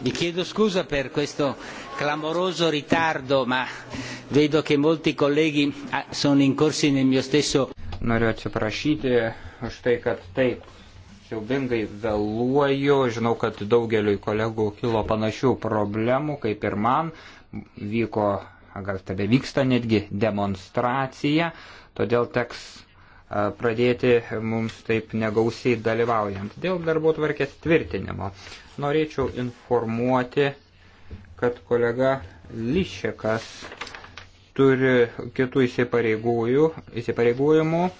Vi chiedo scusa per questo clamoroso ritardo, ma vedo che molti colleghi ah, sono incorsi nel mio stesso. Noriu atsiprašyti už tai, kad taip siaubingai vėluoju. Žinau, kad daugeliui kolegų kilo panašių problemų kaip ir man. Vyko, gal tebe vyksta netgi demonstracija, todėl teks pradėti mums taip negausiai dalyvaujant. Dėl darbo tvarkės tvirtinimo norėčiau informuoti, kad kolega Lišekas turi kitų įsipareigojimų,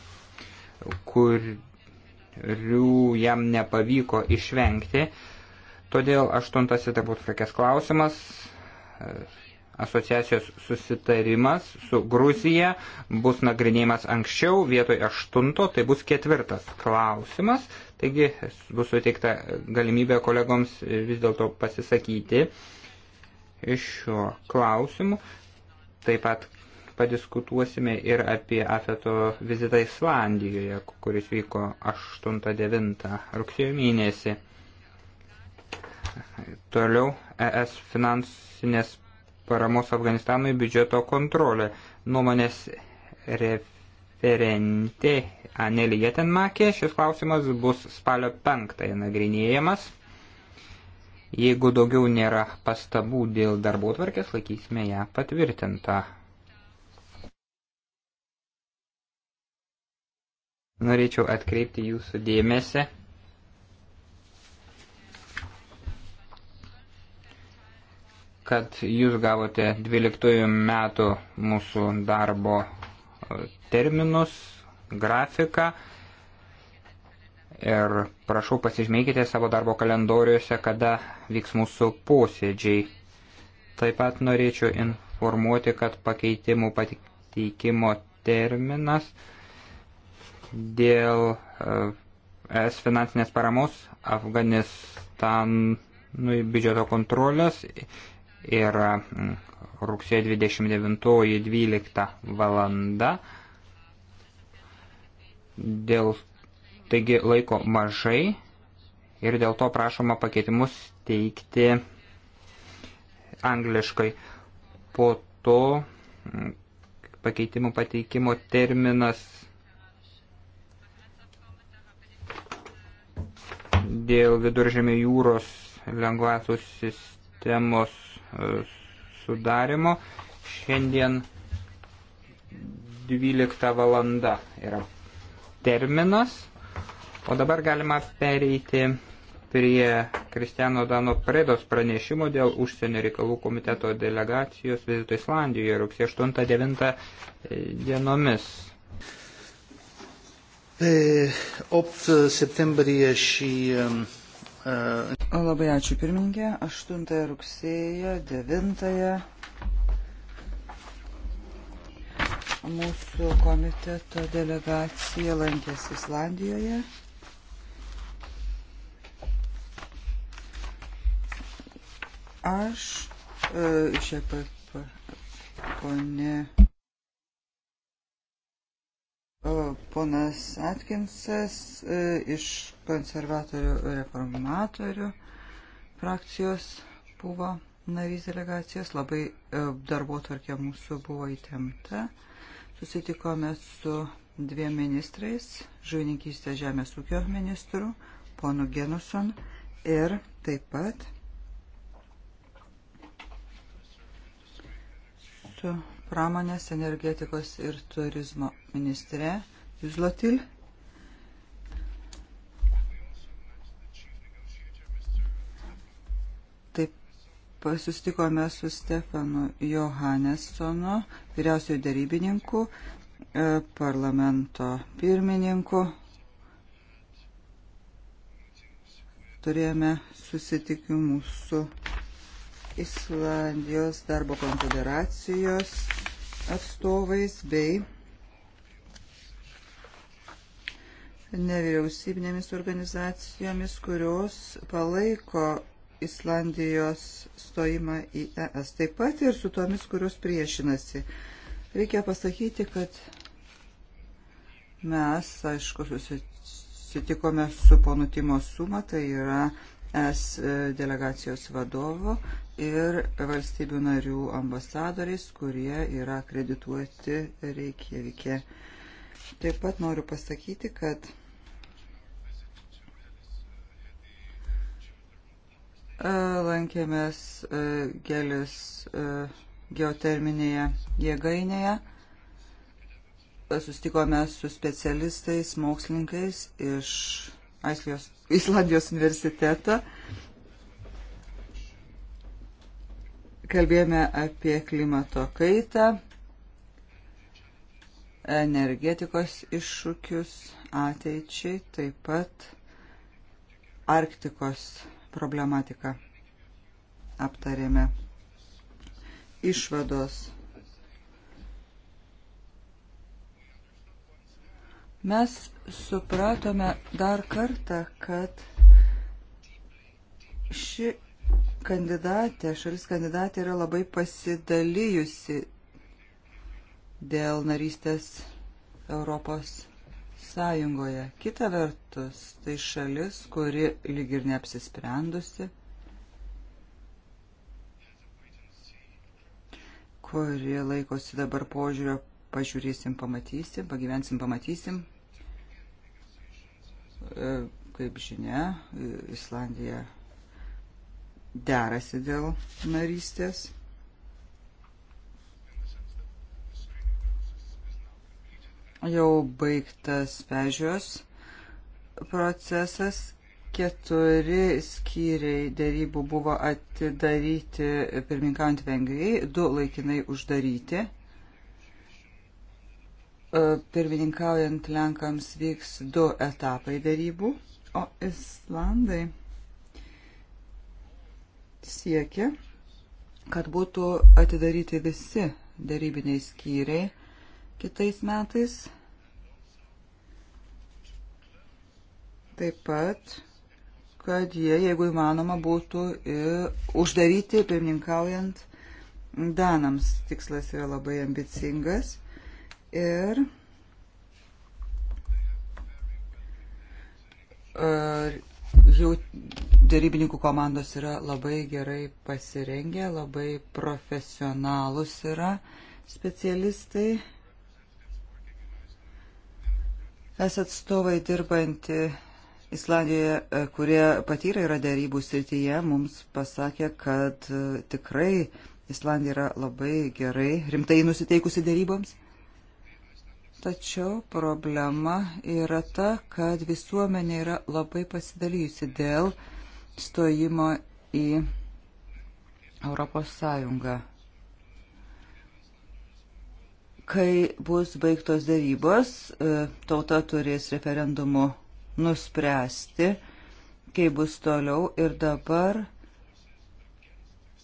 kurių jam nepavyko išvengti. Todėl aštuntasis darbo tvarkės klausimas asociacijos susitarimas su Gruzija bus nagrinėjimas anksčiau, vietoj aštunto, tai bus ketvirtas klausimas, taigi bus suteikta galimybė kolegoms vis dėlto pasisakyti iš šio klausimu. Taip pat padiskutuosime ir apie Afeto vizitą Islandijoje, kuris vyko 8-9 rugsėjo mėnesį. Toliau ES finansinės paramos Afganistanui biudžeto kontrolę. Nuomonės referentė Anelį Jetenmakė, šis klausimas bus spalio penktąją nagrinėjamas. Jeigu daugiau nėra pastabų dėl darbo tvarkės, laikysime ją patvirtintą. Norėčiau atkreipti jūsų dėmesį kad jūs gavote 12 metų mūsų darbo e, terminus, grafiką ir prašau pasižymėkite savo darbo kalendoriuose, kada vyks mūsų posėdžiai. Taip pat norėčiau informuoti, kad pakeitimų pateikimo terminas dėl e, es finansinės paramos Afganistanui biudžeto kontrolės yra mm, rugsėjo 29.12 valanda. Dėl, taigi laiko mažai ir dėl to prašoma pakeitimus teikti angliškai. Po to mm, pakeitimų pateikimo terminas dėl viduržėmio jūros lengvatų sistemos sudarimo. Šiandien 12 valanda yra terminas. O dabar galima pereiti prie Kristiano Dano Predos pranešimo dėl užsienio reikalų komiteto delegacijos vizito Islandijoje rugsėjo 8-9 e, dienomis. Pe 8 e, septembrie și în e, Labai ačiū pirmininkė. 8 rugsėjo, 9 mūsų komiteto delegacija lankėsi Islandijoje. Aš e, iš EPP ponė. ponas Atkinsas e, iš konservatorių reformatorių frakcijos buvo narys delegacijos, labai e, darbo tvarkė mūsų buvo įtempta. Susitikome su dviem ministrais, žuvininkystės žemės ūkio ministru, ponu Genuson ir taip pat su pramonės, energetikos ir turizmo ministre Zlotil. Taip sustikome su Stefanu Johannessonu, vyriausiojų darybininku, e, parlamento pirmininku. Turėjome susitikimų su Islandijos darbo konfederacijos atstovais bei nevyriausybinėmis organizacijomis, kurios palaiko Islandijos stojimą į ES, taip pat ir su tomis, kurios priešinasi. Reikia pasakyti, kad mes, aišku, susitikome su ponu Timo Suma, tai yra es delegacijos vadovo ir valstybių narių ambasadoriais, kurie yra akredituoti Reikjavike. Taip pat noriu pasakyti, kad E, lankėmės e, gelis e, geoterminėje jėgainėje, sustikome su specialistais, mokslininkais iš Aislijos, Islandijos universiteto. Kalbėjome apie klimato kaitą, energetikos iššūkius ateičiai, taip pat Arktikos problematiką aptarėme. Išvados. Mes supratome dar kartą, kad ši kandidatė, šalis kandidatė yra labai pasidalijusi dėl narystės Europos Sąjungoje. Kita vertus, tai šalis, kuri lyg ir neapsisprendusi, kuri laikosi dabar požiūrio, pažiūrėsim, pamatysim, pagyvensim, pamatysim. E, kaip žinia, Islandija derasi dėl narystės. Jau baigtas pežios procesas. Keturi skyriai dėrybų buvo atidaryti pirminkant Vengrijai, du laikinai uždaryti. E, pirmininkaujant Lenkams vyks du etapai dėrybų, o Islandai siekia, kad būtų atidaryti visi dėrybiniai skyriai kitais metais. Taip pat, kad jie, jeigu įmanoma, būtų uždaryti pirmininkaujant Danams. Tikslas yra labai ambicingas. Ir e, jau darybininkų komandos yra labai gerai pasirengę, labai profesionalus yra specialistai. Es atstovai dirbanti Islandijoje, e, kurie patyrė yra dėrybų srityje, mums pasakė, kad e, tikrai Islandija yra labai gerai, rimtai nusiteikusi dėryboms. Tačiau problema yra ta, kad visuomenė yra labai pasidalyjusi dėl stojimo į Europos Sąjungą. Kai bus baigtos dėrybos, e, tauta turės referendumu nuspręsti, kaip bus toliau. Ir dabar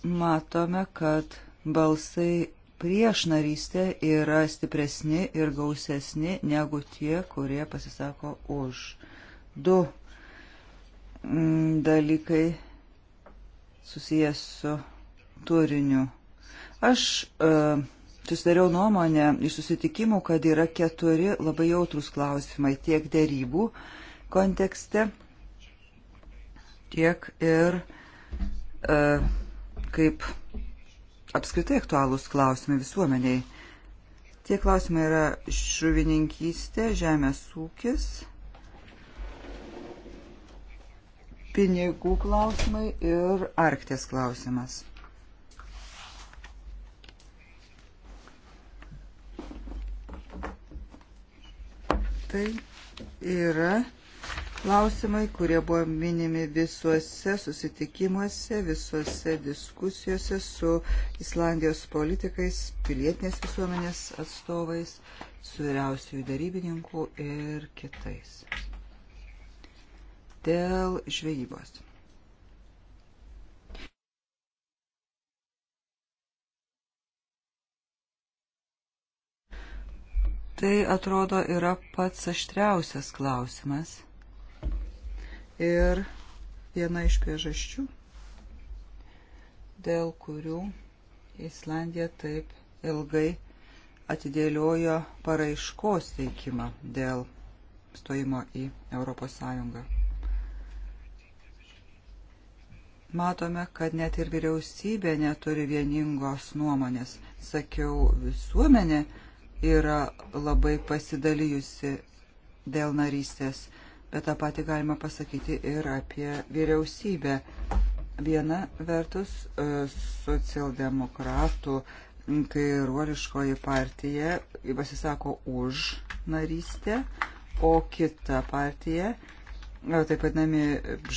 matome, kad balsai prieš narystę yra stipresni ir gausesni negu tie, kurie pasisako už. Du mm, dalykai susijęs su turiniu. Aš uh, susidariau nuomonę iš susitikimų, kad yra keturi labai jautrus klausimai tiek dėrybų, uh, kontekste, tiek ir e, kaip apskritai aktualūs klausimai visuomeniai. Tie klausimai yra žuvininkystė, žemės ūkis, pinigų klausimai ir Arkties klausimas. Tai yra klausimai, kurie buvo minimi visuose susitikimuose, visuose diskusijose su Islandijos politikais, pilietinės visuomenės atstovais, su vyriausiųjų darybininkų ir kitais. Dėl žvejybos. Tai atrodo yra pats aštriausias klausimas ir viena iš priežasčių, dėl kurių Islandija taip ilgai atidėliojo paraiškos teikimą dėl stojimo į Europos Sąjungą. Matome, kad net ir vyriausybė neturi vieningos nuomonės. Sakiau, visuomenė yra labai pasidalijusi dėl narystės bet tą patį galima pasakyti ir apie vyriausybę. Viena vertus e, socialdemokratų kairuoliškoji partija pasisako už narystę, o kita partija, e, taip pat nami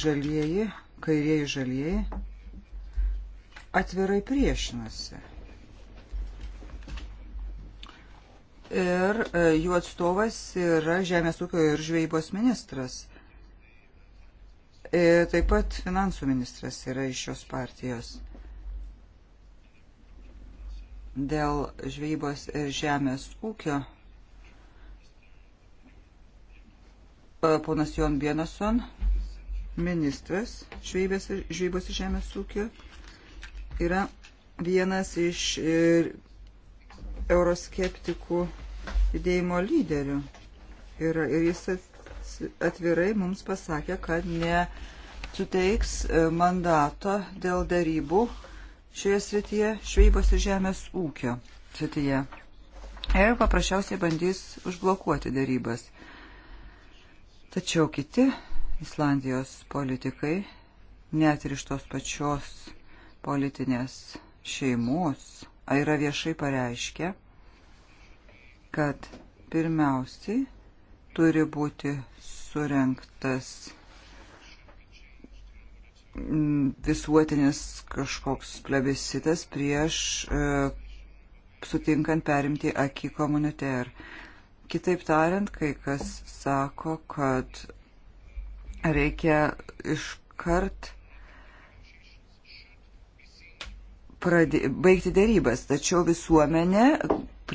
žalieji, kairieji žalieji, atvirai priešinasi ir e, jų atstovas yra Žemės ūkio ir žvejybos ministras. Ir e, taip pat finansų ministras yra iš šios partijos. Dėl žvejybos ir žemės ūkio e, ponas Jon Bienason, ministras žvejybės ir žvejybos ir žemės ūkio, yra vienas iš euroskeptikų judėjimo lyderių. Ir, ir jis atvirai mums pasakė, kad ne suteiks e, mandato dėl darybų šioje srityje, šveibos ir žemės ūkio srityje. Ir paprasčiausiai bandys užblokuoti darybas. Tačiau kiti Islandijos politikai, net ir iš tos pačios politinės šeimos, yra viešai pareiškę, kad pirmiausiai turi būti surenktas visuotinis kažkoks plebiscitas prieš e, sutinkant perimti akį komuniter. Kitaip tariant, kai kas sako, kad reikia iškart pradė, baigti darybas, tačiau visuomenė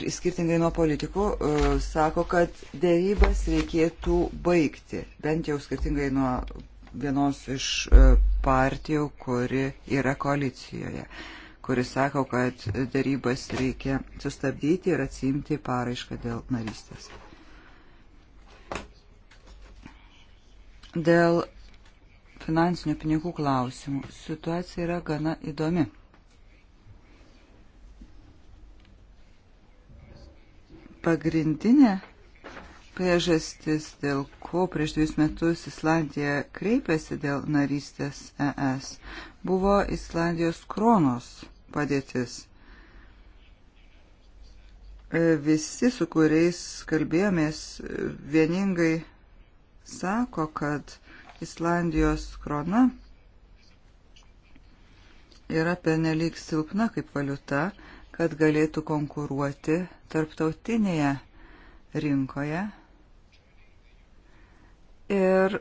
skirtingai nuo politikų, e, sako, kad dėrybas reikėtų baigti, bent jau skirtingai nuo vienos iš e, partijų, kuri yra koalicijoje, kuris sako, kad dėrybas reikia sustabdyti ir atsimti paraišką dėl narystės. Dėl finansinių pinigų klausimų situacija yra gana įdomi. pagrindinė priežastis, dėl ko prieš dvius metus Islandija kreipėsi dėl narystės ES, buvo Islandijos kronos padėtis. E, visi, su kuriais kalbėjomės, vieningai sako, kad Islandijos krona yra pernelyg silpna kaip valiuta kad galėtų konkuruoti tarptautinėje rinkoje. Ir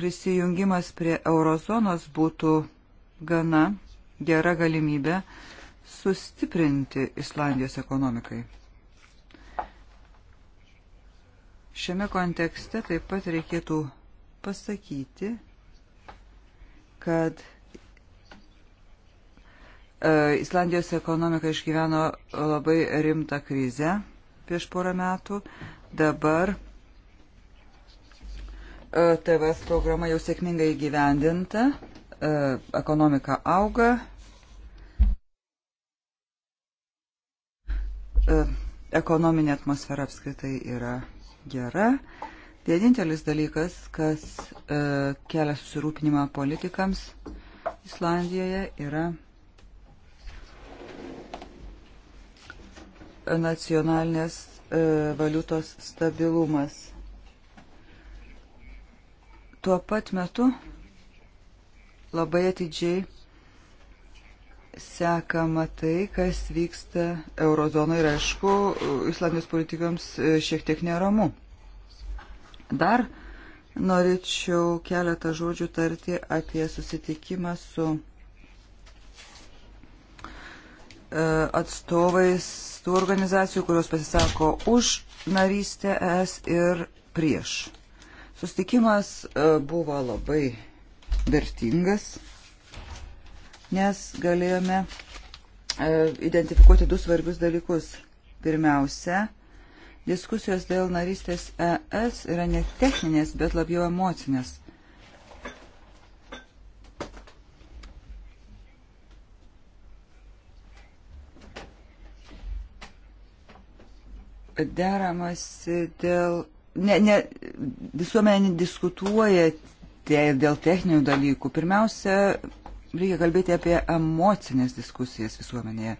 prisijungimas prie eurozonos būtų gana gera galimybė sustiprinti Islandijos ekonomikai. Šiame kontekste taip pat reikėtų pasakyti, kad E, Islandijos ekonomika išgyveno labai rimtą krizę prieš porą metų. Dabar e, TVS programa jau sėkmingai įgyvendinta, e, ekonomika auga. Ekonominė atmosfera apskritai yra gera. Vienintelis dalykas, kas kelia susirūpinimą politikams Islandijoje, yra nacionalinės e, valiutos stabilumas. Tuo pat metu labai atidžiai sekama tai, kas vyksta eurozonoje ir aišku, Islandijos politikams e, šiek tiek neramu. Dar norėčiau keletą žodžių tarti apie susitikimą su E, atstovais tų organizacijų, kurios pasisako už narystę es ir prieš. Sustikimas e, buvo labai vertingas, nes galėjome e, identifikuoti du svarbius dalykus. Pirmiausia, diskusijos dėl narystės ES yra ne techninės, bet labiau emocinės. deramasi dėl. Ne, ne, visuomenė diskutuoja te, dėl techninių dalykų. Pirmiausia, reikia kalbėti apie emocinės diskusijas visuomenėje.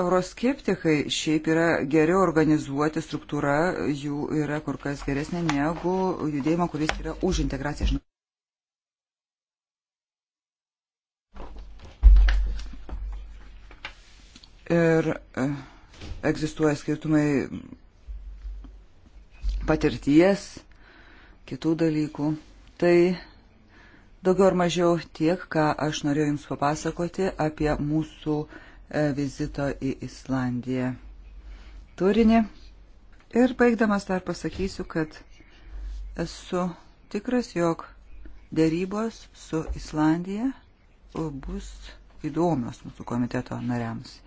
Euroskeptikai šiaip yra geriau organizuoti struktūra, jų yra kur kas geresnė negu judėjimo, kuris yra už integraciją. ir e, egzistuoja skirtumai patirties, kitų dalykų. Tai daugiau ar mažiau tiek, ką aš norėjau Jums papasakoti apie mūsų e, vizito į Islandiją turinį. Ir baigdamas dar pasakysiu, kad esu tikras, jog dėrybos su Islandija bus įdomios mūsų komiteto nariams.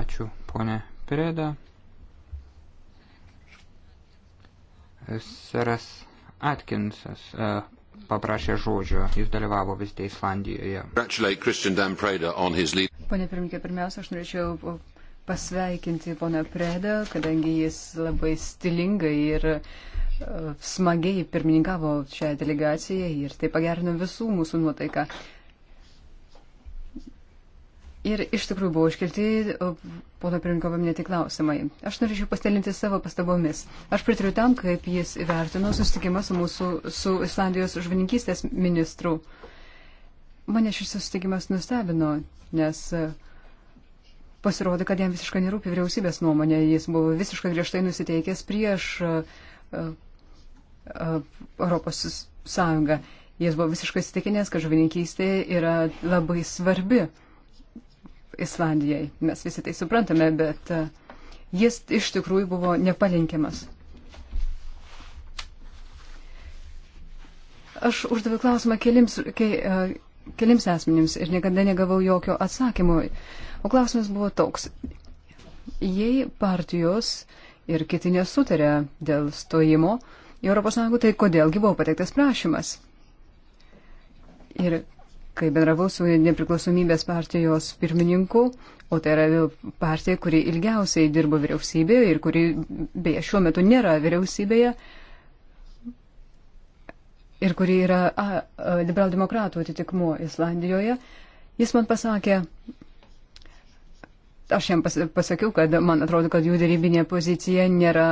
Ačiū, ponė Preda. Seras Atkinsas e, paprašė žodžio, jis dalyvavo vis tai Islandijoje. Pane pirmininkė, pirmiausia, aš norėčiau pasveikinti poną Predą, kadangi jis labai stilingai ir e, smagiai pirmininkavo šią delegaciją ir tai pagerino visų mūsų nuotaiką. Ir iš tikrųjų buvo iškelti pono pirmininko paminėti klausimai. Aš norėčiau pastelinti savo pastabomis. Aš pritariu tam, kaip jis įvertino susitikimą su mūsų, su Islandijos žvininkystės ministru. Mane šis susitikimas nustebino, nes e, pasirodė, kad jam visiškai nerūpi vyriausybės nuomonė. Jis buvo visiškai griežtai nusiteikęs prieš e, e, Europos Sąjungą. Jis buvo visiškai įsitikinęs, kad žuvininkystė yra labai svarbi Islandijai. Mes visi tai suprantame, bet e, jis iš tikrųjų buvo nepalinkiamas. Aš uždaviau klausimą kelims, ke, e, kelims asmenims ir niekada negavau jokio atsakymo. O klausimas buvo toks. Jei partijos ir kiti nesutarė dėl stojimo į ES, tai kodėlgi buvo pateiktas prašymas? Ir kai bendravau su nepriklausomybės partijos pirmininku, o tai yra partija, kuri ilgiausiai dirbo vyriausybėje ir kuri beje šiuo metu nėra vyriausybėje ir kuri yra liberaldemokratų atitikmuo Islandijoje, jis man pasakė, aš jam pas, pasakiau, kad man atrodo, kad jų darybinė pozicija nėra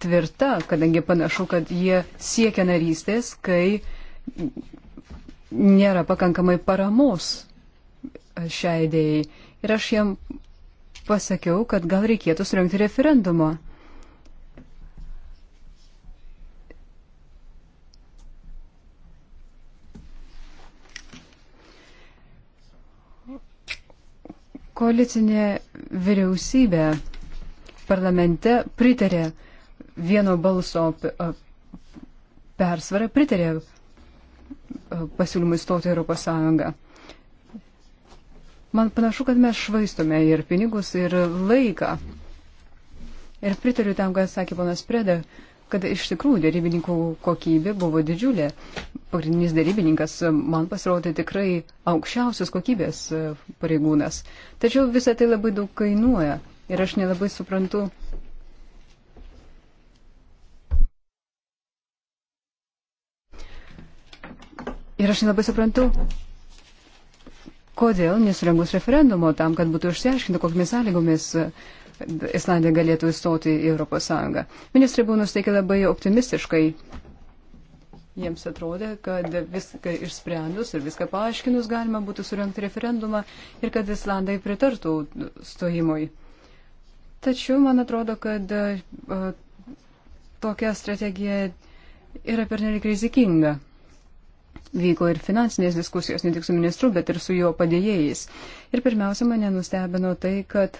tvirta, kadangi panašu, kad jie siekia narystės, kai nėra pakankamai paramos šiai idėjai. Ir aš jam pasakiau, kad gal reikėtų surinkti referendumą. Koalicinė vyriausybė parlamente pritarė vieno balso persvarą, pritarė pasiūlymų įstoti Europos Sąjungą. Man panašu, kad mes švaistome ir pinigus, ir laiką. Ir pritariu tam, ką sakė ponas Preda, kad iš tikrųjų dėrybininkų kokybė buvo didžiulė. Pagrindinis dėrybininkas man pasirodė tikrai aukščiausios kokybės pareigūnas. Tačiau visą tai labai daug kainuoja ir aš nelabai suprantu, Ir aš nelabai suprantu, kodėl nesurengus referendumo tam, kad būtų išsiaiškinta, kokiamis sąlygomis e, Islandija galėtų įstoti į Europos Sąjungą. Ministrai buvo nusteikę labai optimistiškai. Jiems atrodė, kad viską išsprendus ir viską paaiškinus galima būtų surenkti referendumą ir kad Islandai pritartų stojimui. Tačiau man atrodo, kad a, e, tokia strategija yra pernelik rizikinga vyko ir finansinės diskusijos, ne tik su ministru, bet ir su jo padėjėjais. Ir pirmiausia, mane nustebino tai, kad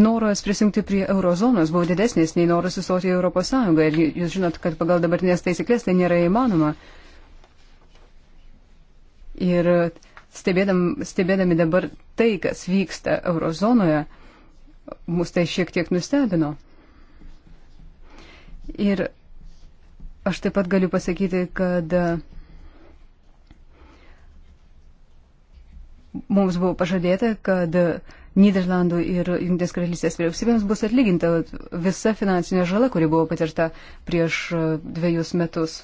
noras prisijungti prie eurozonos buvo didesnis nei noras įstoti į Europos Sąjungą. Ir jūs žinot, kad pagal dabartinės taisyklės tai nėra įmanoma. Ir stebėdam, stebėdami dabar tai, kas vyksta eurozonoje, mus tai šiek tiek nustebino. Ir Aš taip pat galiu pasakyti, kad e, mums buvo pažadėta, kad Niderlandų ir Junktinės karalystės vyriausybėms bus atlyginta visa finansinė žala, kuri buvo patirta prieš e, dviejus metus.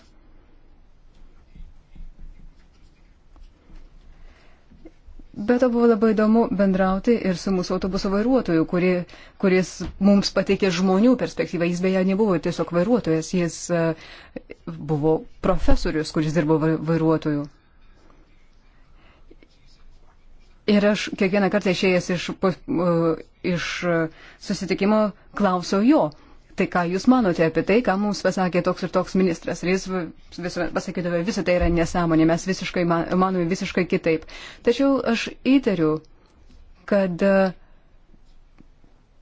Bet to buvo labai įdomu bendrauti ir su mūsų autobuso vairuotoju, kuri, kuris mums pateikė žmonių perspektyvą. Jis beje nebuvo tiesiog vairuotojas, jis e, buvo profesorius, kuris dirbo vairuotoju. Ir aš kiekvieną kartą išėjęs iš, e, iš susitikimo klausiau jo, tai ką jūs manote apie tai, ką mums pasakė toks ir toks ministras. Ir jis vis, pasakydavo, visą tai yra nesąmonė, mes visiškai man, manome visiškai kitaip. Tačiau aš įtariu, kad e,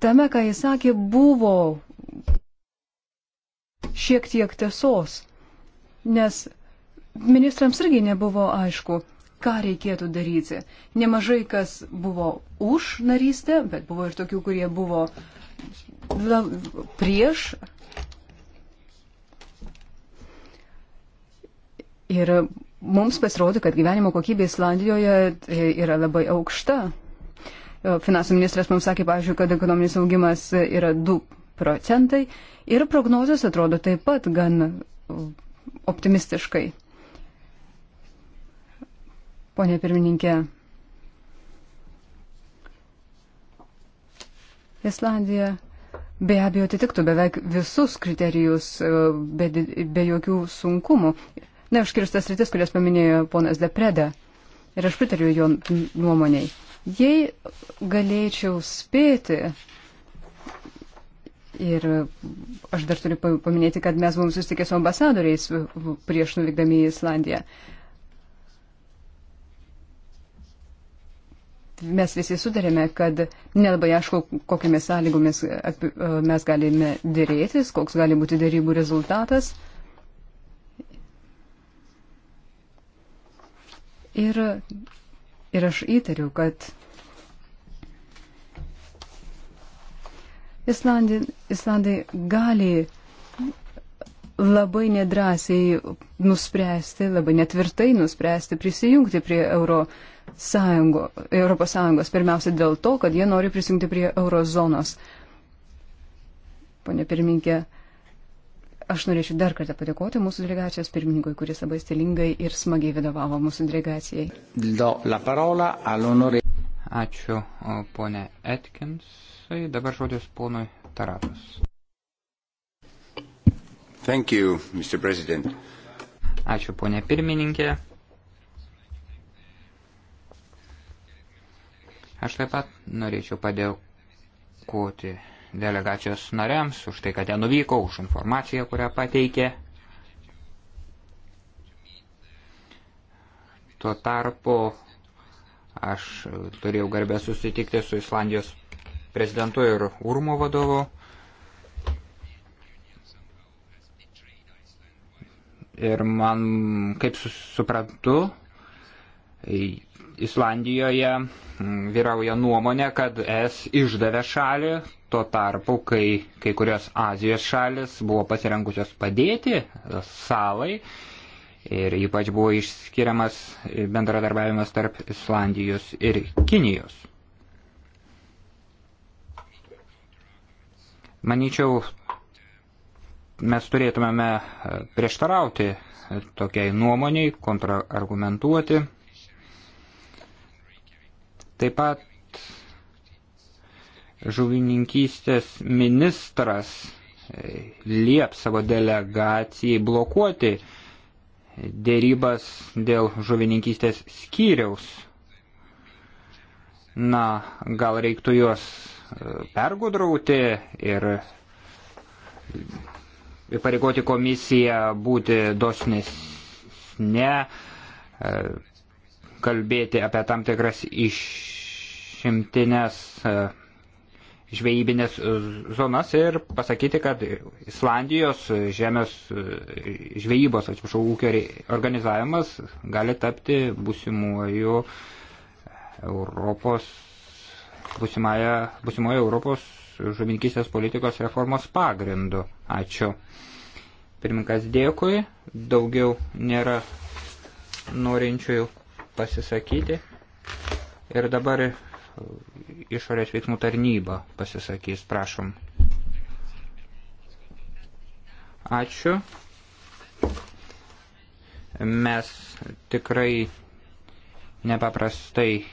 tame, ką jis sakė, buvo šiek tiek tiesos, nes ministrams irgi nebuvo aišku, ką reikėtų daryti. Nemažai kas buvo už narystę, bet buvo ir tokių, kurie buvo uh, prieš. Ir mums pasirodo, kad gyvenimo kokybė Islandijoje e, yra labai aukšta. E, finansų ministras mums sakė, pavyzdžiui, kad ekonominis augimas yra 2 procentai ir prognozijos atrodo taip pat gan optimistiškai. Pone pirmininkė, Islandija be abejo atitiktų beveik visus kriterijus e, be, be jokių sunkumų. Neužkirstas rytis, kurias paminėjo ponas Depreda. Ir aš pritariu jo nuomoniai. Jei galėčiau spėti, ir aš dar turiu paminėti, kad mes buvom susitikę su ambasadoriais prieš nuvykdami į Islandiją. Uh, mes visi sutarėme, kad nelabai aišku, kokiamis sąlygomis e, mes galime dėrėtis, koks gali būti dėrybų rezultatas. Ir, ir aš įtariu, kad Islandai, Islandai gali labai nedrasiai nuspręsti, labai netvirtai nuspręsti prisijungti prie euro sąjungo, Europos Sąjungos, pirmiausia dėl to, kad jie nori prisijungti prie eurozonos. Pone pirmininkė, aš norėčiau dar kartą padėkoti mūsų delegacijos pirmininkui, kuris labai stilingai ir smagiai vadovavo mūsų delegacijai. Ačiū, ponė Atkinsai. Dabar žodis ponui Taratas. Thank you, Mr. President. Ačiū, ponė pirmininkė. Aš taip pat norėčiau padėkoti delegacijos nariams už tai, kad jie nuvyko, už informaciją, kurią pateikė. Tuo tarpu aš turėjau garbę susitikti su Islandijos prezidentu ir Urmo vadovu. Ir man, kaip suprantu, Islandijoje mm, vyrauja nuomonė, kad es išdavė šalį, tuo tarpu, kai kai kurios Azijos šalis buvo pasirengusios padėti e, salai ir ypač buvo išskiriamas bendradarbiavimas tarp Islandijos ir Kinijos. Manyčiau, mes turėtumėme e, prieštarauti tokiai nuomoniai, kontraargumentuoti. Taip pat žuvininkystės ministras e, liep savo delegacijai blokuoti dėrybas dėl žuvininkystės skyriaus. Na, gal reiktų juos e, pergudrauti ir pareigoti komisiją būti dosnesne, e, kalbėti apie tam tikras išimtinės e, žvejybinės e, zonas ir pasakyti, kad Islandijos žemės e, žvejybos, atsiprašau, ūkio organizavimas gali tapti būsimuoju Europos, būsimojo Europos žuvininkystės politikos reformos pagrindu. Ačiū. Pirmininkas dėkui, daugiau nėra norinčiųjų pasisakyti. Ir dabar išorės veiksmų tarnyba pasisakys, prašom. Ačiū. Mes tikrai nepaprastai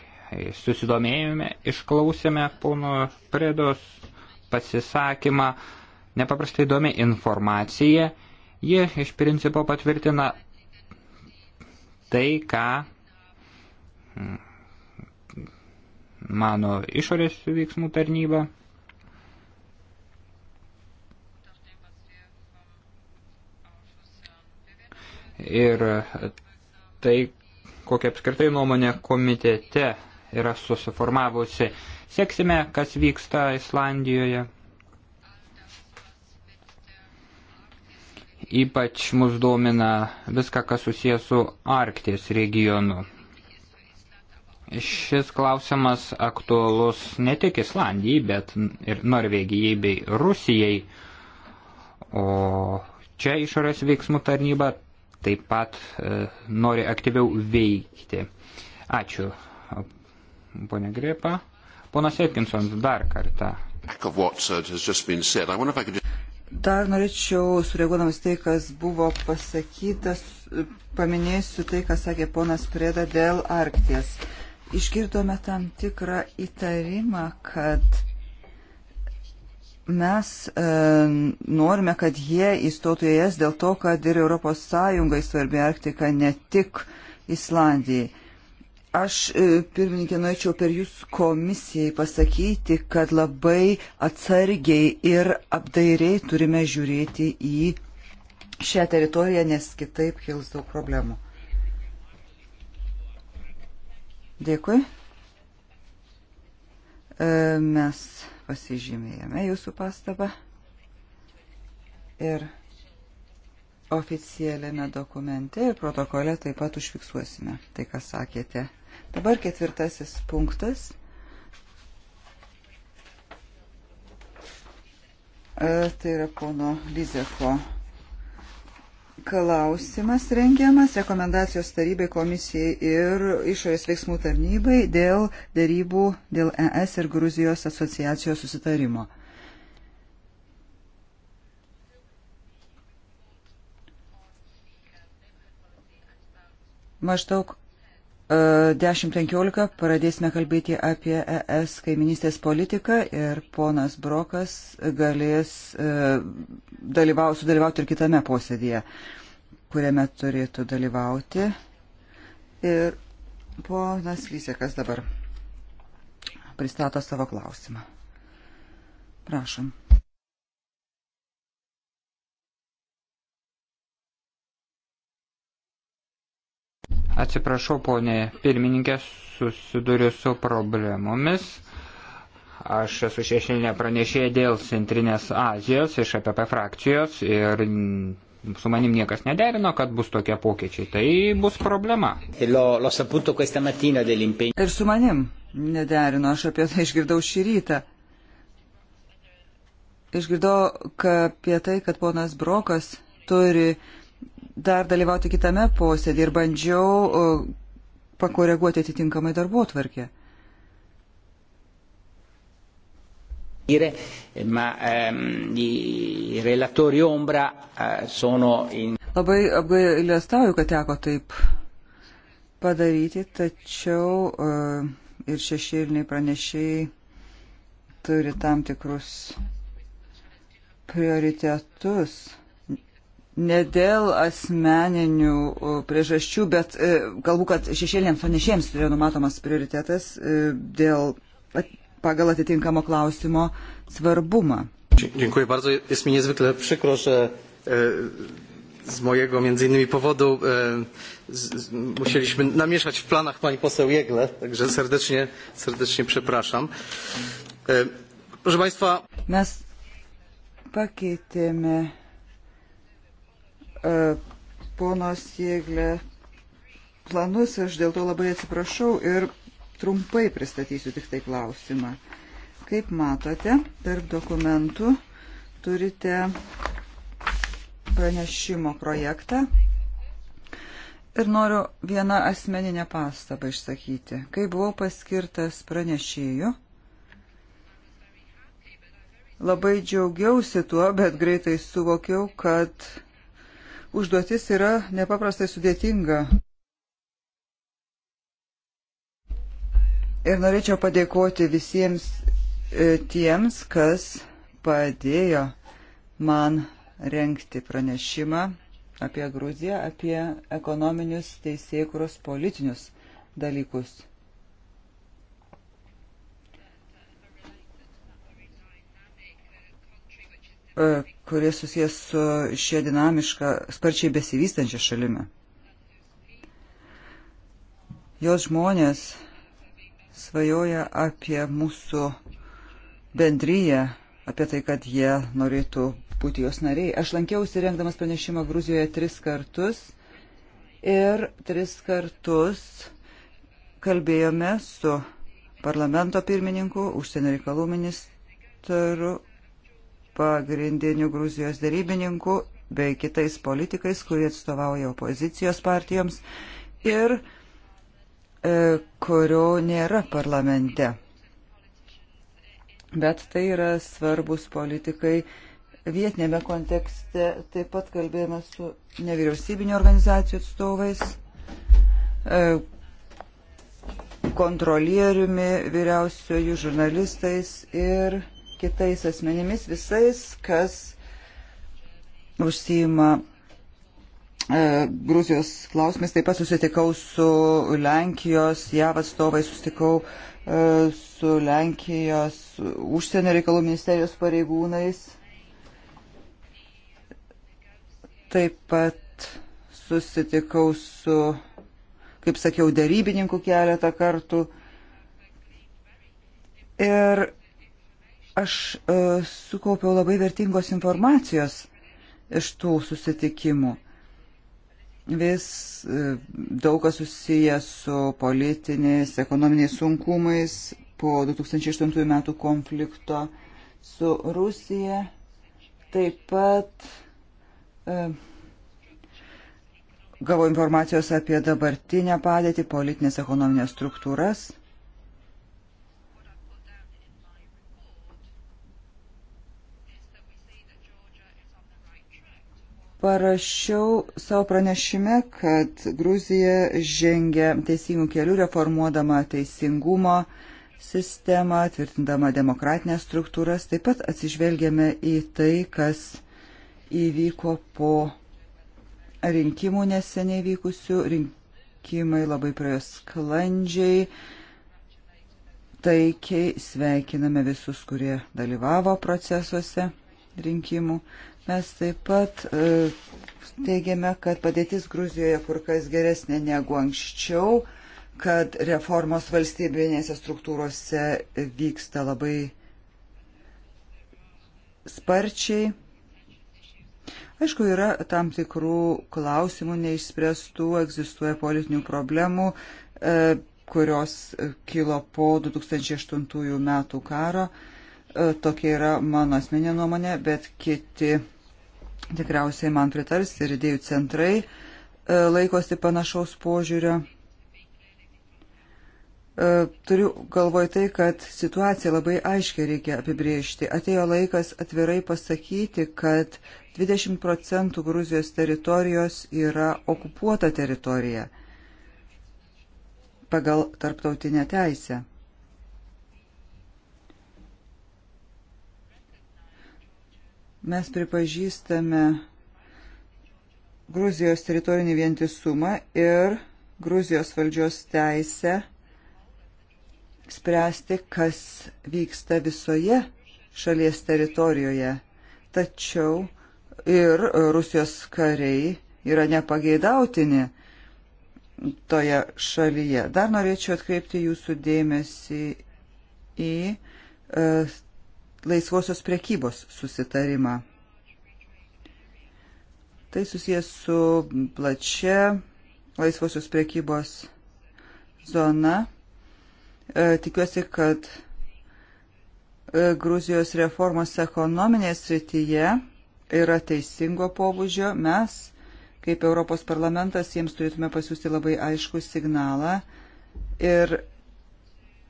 susidomėjome, išklausėme pono Predos pasisakymą, nepaprastai įdomi informacija. Ji iš principo patvirtina tai, ką mano išorės veiksmų tarnyba. Ir tai, kokia apskritai nuomonė komitete yra susiformavusi. Seksime, kas vyksta Islandijoje. Ypač mus domina viską, kas susijęs su Arkties regionu. Šis klausimas aktualus ne tik Islandijai, bet ir Norvegijai bei Rusijai. O čia išorės veiksmų tarnyba taip pat e, nori aktyviau veikti. Ačiū, ponė Grepa. Ponas Atkinsons dar kartą. Dar norėčiau, sureaguodamas tai, kas buvo pasakytas, paminėsiu tai, ką sakė ponas Prėda dėl Arkties. E, išgirdome tam tikrą įtarimą, kad mes e, norime, kad jie įstotų į jas dėl to, kad ir Europos Sąjungai svarbi Arktika, ne tik Islandijai. Aš, e, pirmininkė, norėčiau per jūs komisijai pasakyti, kad labai atsargiai ir apdairiai turime žiūrėti į šią teritoriją, nes kitaip kils daug problemų. Dėkui. E, mes pasižymėjome jūsų pastabą ir oficialiame dokumente ir protokole taip pat užfiksuosime tai, ką sakėte. Dabar ketvirtasis punktas. E, tai yra pono Lizeko klausimas rengiamas rekomendacijos tarybai komisijai ir išorės veiksmų tarnybai dėl dėrybų dėl ES ir Gruzijos asociacijos susitarimo. Maždaug 10.15 pradėsime kalbėti apie ES kaiminystės politiką ir ponas Brokas galės e, dalyvau, sudalyvauti ir kitame posėdėje, kuriame turėtų dalyvauti. Ir ponas Lysekas dabar pristato savo klausimą. Prašom. Atsiprašau, ponė pirmininkė, susiduriu su problemomis. Aš esu šešėlinė pranešėja dėl Centrinės Azijos iš APP frakcijos ir su manim niekas nederino, kad bus tokie pokyčiai. Tai bus problema. E ir su manim nederino, aš apie tai išgirdau šį rytą. Išgirdau apie tai, kad ponas Brokas turi dar dalyvauti kitame posėdį ir bandžiau pakoreguoti atitinkamai darbo tvarkę. Ehm, eh, Labai apgailestauju, kad teko taip padaryti, tačiau e, ir šešėliniai pranešiai turi tam tikrus prioritetus ne dėl asmeninių priežasčių, bet e, kalbu, kad šešėlėms panešėjams yra numatomas prioritetas e, dėl pagal atitinkamo klausimo svarbumą. Dziękuję bardzo. Jest mi niezwykle przykro, że e, z mojego między innymi powodu musieliśmy namieszać w planach pani poseł Jegle, także serdecznie, serdecznie przepraszam. Proszę państwa. Mes pakeitėme E, ponos Jėglė planus, aš dėl to labai atsiprašau ir trumpai pristatysiu tik tai klausimą. Kaip matote, tarp dokumentų turite pranešimo projektą ir noriu vieną asmeninę pastabą išsakyti. Kai buvau paskirtas pranešėjų, labai džiaugiausi tuo, bet greitai suvokiau, kad užduotis yra nepaprastai sudėtinga. Ir norėčiau padėkoti visiems e, tiems, kas padėjo man renkti pranešimą apie Gruziją, apie ekonominius teisėkuros politinius dalykus. E, kuris susijęs su šia dinamiška, sparčiai besivystančia šalimi. Jos žmonės svajoja apie mūsų bendryje, apie tai, kad jie norėtų būti jos nariai. Aš lankiausi rengdamas pranešimą Gruzijoje tris kartus ir tris kartus kalbėjome su parlamento pirmininku, užsienio reikalų ministru pagrindinių Gruzijos darybininkų bei kitais politikais, kurie atstovauja opozicijos partijoms ir e, kurio nėra parlamente. Bet tai yra svarbus politikai vietinėme kontekste. Taip pat kalbėjome su nevyriausybinio organizacijų atstovais, e, kontrolieriumi, vyriausiojų žurnalistais ir kitais asmenimis, visais, kas užsijima e, Gruzijos klausimais. Taip pat susitikau su Lenkijos, JAV atstovai, susitikau e, su Lenkijos užsienio reikalų ministerijos pareigūnais. Taip pat susitikau su, kaip sakiau, darybininkų keletą kartų. Ir Aš e, sukaupiau labai vertingos informacijos iš tų susitikimų. Vis e, daug kas susijęs su politiniais, ekonominiais sunkumais po 2008 metų konflikto su Rusija. Taip pat e, gavo informacijos apie dabartinę padėtį, politinės ekonominės struktūras. Parašiau savo pranešime, kad Gruzija žengia teisingų kelių reformuodama teisingumo sistemą, tvirtindama demokratinės struktūras. Taip pat atsižvelgėme į tai, kas įvyko po rinkimų neseniai vykusių. Rinkimai labai praėjo sklandžiai. Taikiai sveikiname visus, kurie dalyvavo procesuose rinkimų. Mes taip pat e, teigiame, kad padėtis Gruzijoje kur kas geresnė negu anksčiau, kad reformos valstybinėse struktūrose vyksta labai sparčiai. Aišku, yra tam tikrų klausimų neišspręstų, egzistuoja politinių problemų, e, kurios kilo po 2008 metų karo. E, tokia yra mano asmeninė nuomonė, bet kiti tikriausiai man pritars ir idėjų centrai e, laikosi panašaus požiūrio. E, turiu galvoj tai, kad situaciją labai aiškiai reikia apibriežti. Atėjo laikas atvirai pasakyti, kad 20 procentų Gruzijos teritorijos yra okupuota teritorija pagal tarptautinę teisę. Mes pripažįstame Gruzijos teritorinį vientisumą ir Gruzijos valdžios teisę spręsti, kas vyksta visoje šalies teritorijoje. Tačiau ir Rusijos kariai yra nepageidautini toje šalyje. Dar norėčiau atkreipti jūsų dėmesį į e, laisvosios prekybos susitarimą. Tai susijęs su plačia laisvosios prekybos zona. E, tikiuosi, kad e, Gruzijos reformos ekonominėje srityje yra teisingo pobūdžio. Mes, kaip Europos parlamentas, jiems turėtume pasiūsti labai aišku signalą ir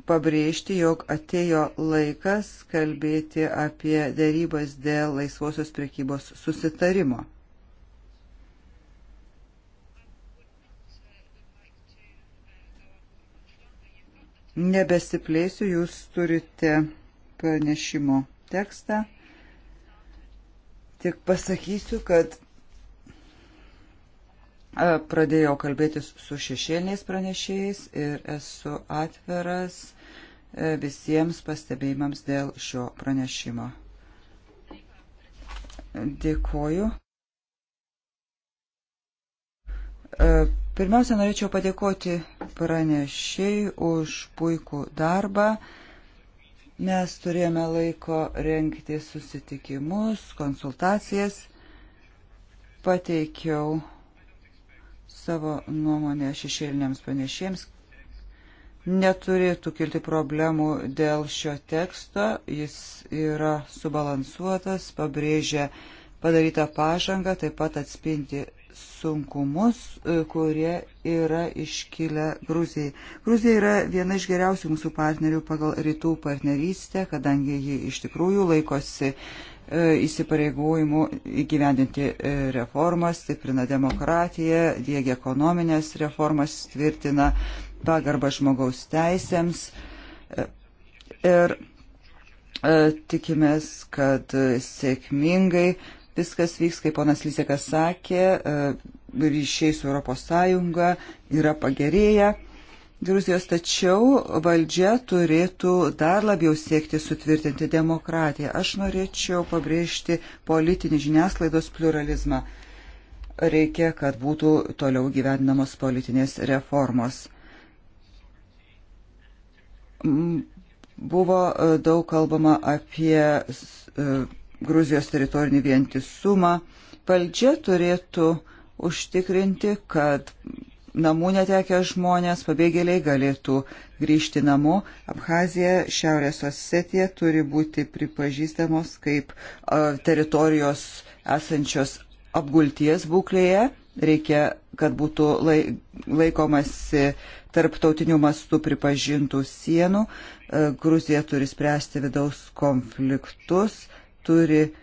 pabrėžti, jog atėjo laikas kalbėti apie dėrybas dėl laisvosios priekybos susitarimo. Nebesiplėsiu, jūs turite pranešimo tekstą. Tik pasakysiu, kad Pradėjau kalbėtis su šešėliniais pranešėjais ir esu atveras e, visiems pastebėjimams dėl šio pranešimo. Dėkoju. E, pirmiausia, norėčiau padėkoti pranešiai už puikų darbą. Mes turėjome laiko renkti susitikimus, konsultacijas. Pateikiau savo nuomonę šešėliniams panešėjams. Neturėtų kilti problemų dėl šio teksto, jis yra subalansuotas, pabrėžia padarytą pažangą, taip pat atspinti sunkumus, e, kurie yra iškilę Gruzijai. Gruzija yra viena iš geriausių mūsų partnerių pagal rytų partnerystę, kadangi ji iš tikrųjų laikosi E, įsipareigojimų įgyvendinti e, reformas, stiprina demokratiją, dėgia ekonominės reformas, tvirtina pagarbą žmogaus teisėms. E, ir tikimės, kad sėkmingai viskas vyks, kaip ponas Lysekas sakė, ryšiai su ES yra pagerėję. Gruzijos, tačiau valdžia turėtų dar labiau siekti sutvirtinti demokratiją. Aš norėčiau pabrėžti politinį žiniasklaidos pluralizmą. Reikia, kad būtų toliau gyvendinamos politinės reformos. Buvo e, daug kalbama apie e, Gruzijos teritorinį vientisumą. Valdžia turėtų užtikrinti, kad namų netekę žmonės, pabėgėliai galėtų grįžti namo. Abhazija, Šiaurės Osetija turi būti pripažįstamos kaip teritorijos esančios apgulties būklėje. Reikia, kad būtų laikomasi tarptautinių mastų pripažintų sienų. Gruzija turi spręsti vidaus konfliktus, turi uh,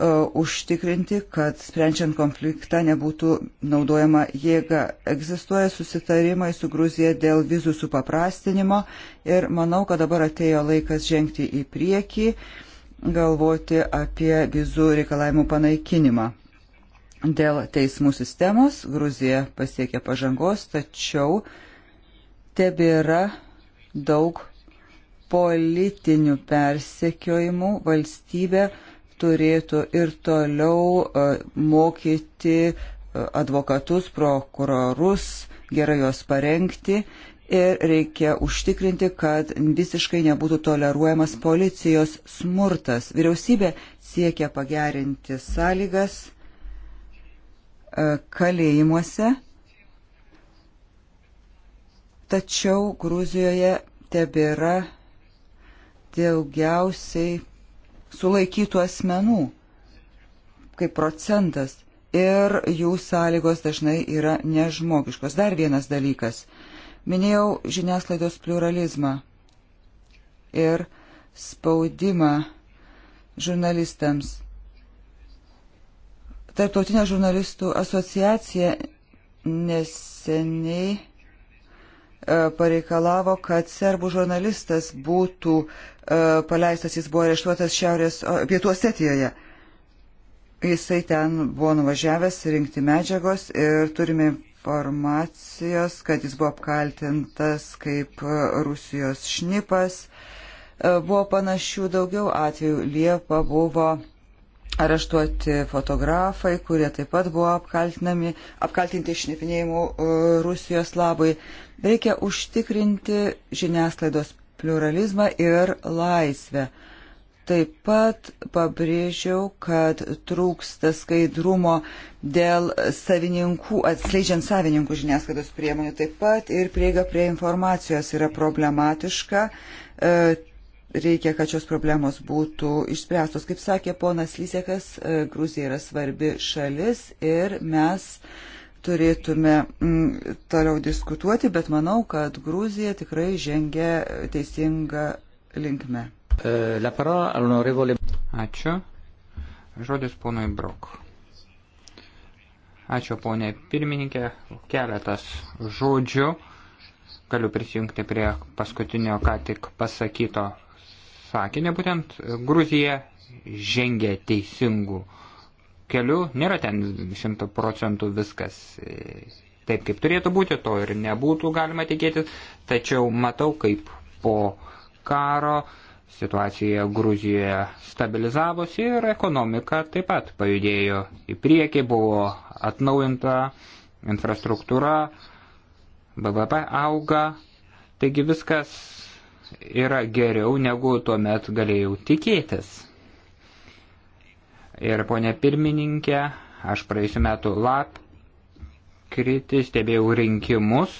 E, užtikrinti, kad sprendžiant konfliktą nebūtų naudojama jėga. Egzistuoja susitarimai su Gruzija dėl vizų supaprastinimo ir manau, kad dabar atėjo laikas žengti į priekį, galvoti apie vizų reikalavimų panaikinimą. Dėl teismų sistemos Gruzija pasiekė pažangos, tačiau tebėra daug politinių persekiojimų valstybė, turėtų ir toliau e, mokyti e, advokatus, prokurorus, gerai juos parengti ir reikia užtikrinti, kad visiškai nebūtų toleruojamas policijos smurtas. Vyriausybė siekia pagerinti sąlygas e, kalėjimuose, tačiau Gruzijoje tebėra daugiausiai sulaikytų asmenų kaip procentas ir jų sąlygos dažnai yra nežmogiškos. Dar vienas dalykas. Minėjau žiniasklaidos pluralizmą ir spaudimą žurnalistams. Tarptautinė žurnalistų asociacija neseniai E, pareikalavo, kad serbų žurnalistas būtų e, paleistas, jis buvo areštuotas šiaurės, pietų Osetijoje. Jisai ten buvo nuvažiavęs rinkti medžiagos ir turime informacijos, kad jis buvo apkaltintas kaip e, Rusijos šnipas. Buvo panašių daugiau atvejų. Liepa buvo areštuoti fotografai, kurie taip pat buvo apkaltinami, apkaltinti šnipinėjimu Rusijos labui. Reikia užtikrinti žiniasklaidos pluralizmą ir laisvę. Taip pat pabrėžiau, kad trūksta skaidrumo dėl savininkų, atskleidžiant savininkų žiniasklaidos priemonių. Taip pat ir prieiga prie informacijos yra problematiška. E, reikia, kad šios problemos būtų išspręstos. Kaip sakė ponas Lysekas, e, Gruzija yra svarbi šalis ir mes uh, turėtume mm, toliau diskutuoti, bet manau, kad Gruzija tikrai žengia teisinga linkme. E, Ačiū. Žodis ponui Brok. Ačiū ponė pirmininkė. Keletas žodžių. Galiu prisijungti prie paskutinio ką tik pasakyto sakinio. Būtent Gruzija žengia teisingų keliu nėra ten šimtų procentų viskas e, taip, kaip turėtų būti, to ir nebūtų galima tikėtis, tačiau matau, kaip po karo situacija Gruzijoje stabilizavosi ir ekonomika taip pat pajudėjo į priekį, buvo atnaujinta infrastruktūra, BVP auga, taigi viskas yra geriau negu tuomet galėjau tikėtis. Ir ponė pirmininkė, aš praėjusiu metu lap kritį stebėjau rinkimus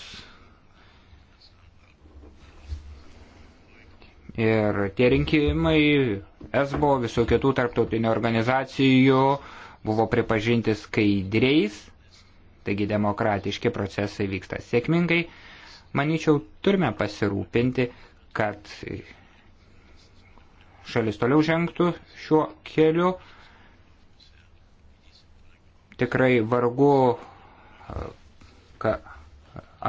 ir tie rinkimai esbo visų kitų tarptautinių organizacijų buvo pripažinti skaidriais, taigi demokratiški procesai vyksta sėkmingai. Manyčiau, turime pasirūpinti, kad šalis toliau žengtų šiuo keliu. Tikrai vargu, ka,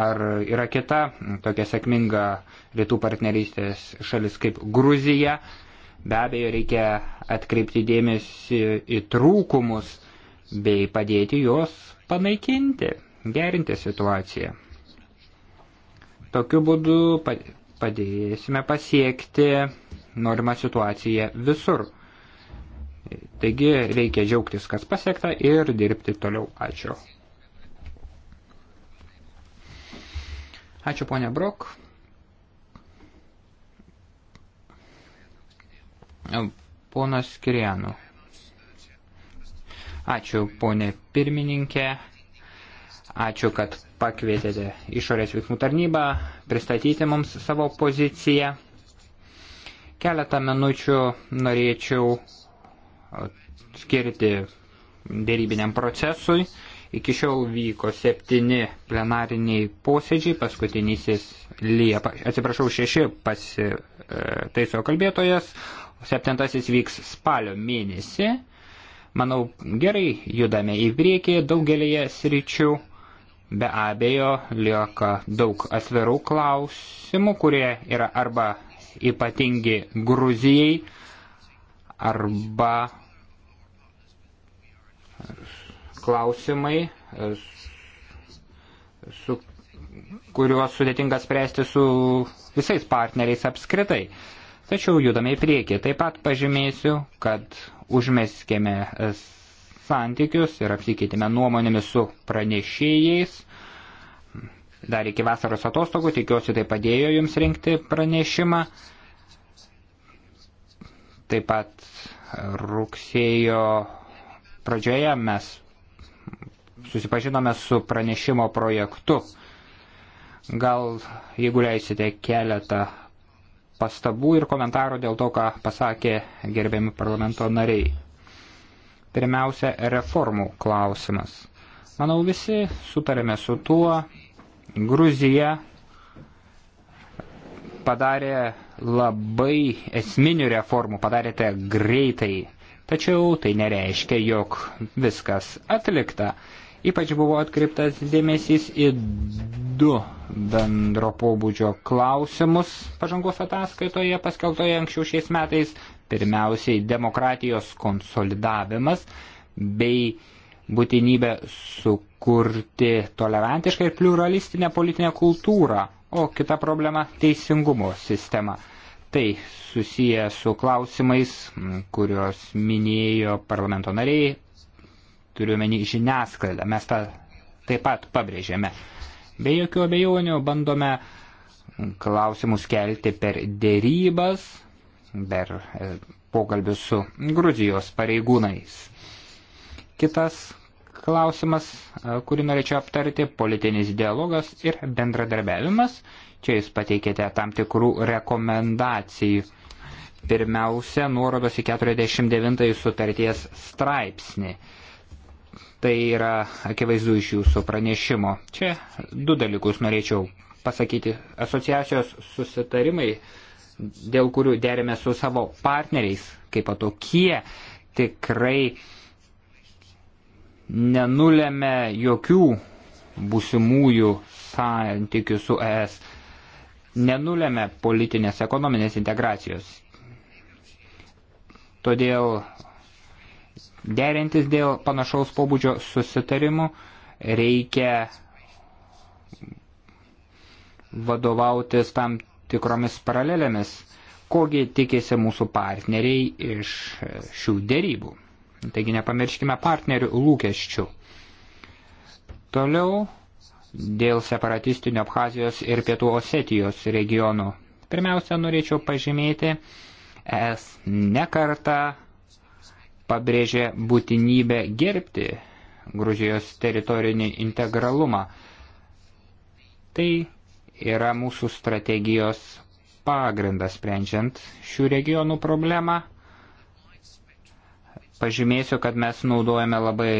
ar yra kita tokia sėkminga rytų partnerystės šalis kaip Gruzija. Be abejo, reikia atkreipti dėmesį į trūkumus bei padėti juos panaikinti, gerinti situaciją. Tokiu būdu padėsime pasiekti norimą situaciją visur. Taigi reikia džiaugtis, kas pasiekta ir dirbti toliau. Ačiū. Ačiū ponia Brok. Ponas Kirianų. Ačiū ponė pirmininkė. Ačiū, kad pakvietėte išorės veiksmų tarnybą pristatyti mums savo poziciją. Keletą minučių norėčiau skirti dėrybiniam procesui. Iki šiol vyko septyni plenariniai posėdžiai, paskutinysis Liepa, atsiprašau, šeši pasitaiso kalbėtojas, septintasis vyks spalio mėnesį. Manau, gerai judame į priekį daugelėje sričių. Be abejo, lieka daug atvirų klausimų, kurie yra arba ypatingi Gruzijai, arba klausimai, su, kuriuos sudėtinga spręsti su visais partneriais apskritai. Tačiau judame į priekį. Taip pat pažymėsiu, kad užmeskėme santykius ir apsikeitėme nuomonėmis su pranešėjais. Dar iki vasaros atostogų tikiuosi tai padėjo jums rinkti pranešimą. Taip pat rugsėjo pradžioje mes susipažinome su pranešimo projektu. Gal, jeigu leisite, keletą pastabų ir komentarų dėl to, ką pasakė gerbiami parlamento nariai. Pirmiausia, reformų klausimas. Manau, visi sutarėme su tuo. Gruzija padarė labai esminių reformų, padarėte greitai. Tačiau tai nereiškia, jog viskas atlikta. Ypač buvo atkriptas dėmesys į du bendro pobūdžio klausimus pažangos ataskaitoje paskeltoje anksčiau šiais metais. Pirmiausiai demokratijos konsolidavimas bei būtinybė sukurti tolerantišką ir pluralistinę politinę kultūrą, o kita problema - teisingumo sistema. Tai susiję su klausimais, kuriuos minėjo parlamento nariai, turiuomenį žiniasklaidą. Mes tą taip pat pabrėžėme. Be jokių abejonių bandome klausimus kelti per dėrybas, per e, pokalbius su Gruzijos pareigūnais. Kitas klausimas, e, kurį norėčiau aptarti, politinis dialogas ir bendradarbiavimas. Čia jūs pateikėte tam tikrų rekomendacijų. Pirmiausia, nuorodos į 49 sutarties straipsnį. Tai yra akivaizdu iš jūsų pranešimo. Čia du dalykus norėčiau pasakyti. Asociacijos susitarimai, dėl kurių derėme su savo partneriais, kaip tokie, tikrai nenulėmė jokių būsimųjų santykių su ES nenulėmė politinės ekonominės integracijos. Todėl derintis dėl panašaus pobūdžio susitarimų reikia vadovautis tam tikromis paralelėmis, kogi tikėsi mūsų partneriai iš šių dėrybų. Taigi nepamirškime partnerių lūkesčių. Toliau dėl separatistinio Abhazijos ir Pietų Osetijos regionų. Pirmiausia, norėčiau pažymėti, es nekarta pabrėžė būtinybę gerbti Gruzijos teritorinį integralumą. Tai yra mūsų strategijos pagrindas sprendžiant šių regionų problemą. Pažymėsiu, kad mes naudojame labai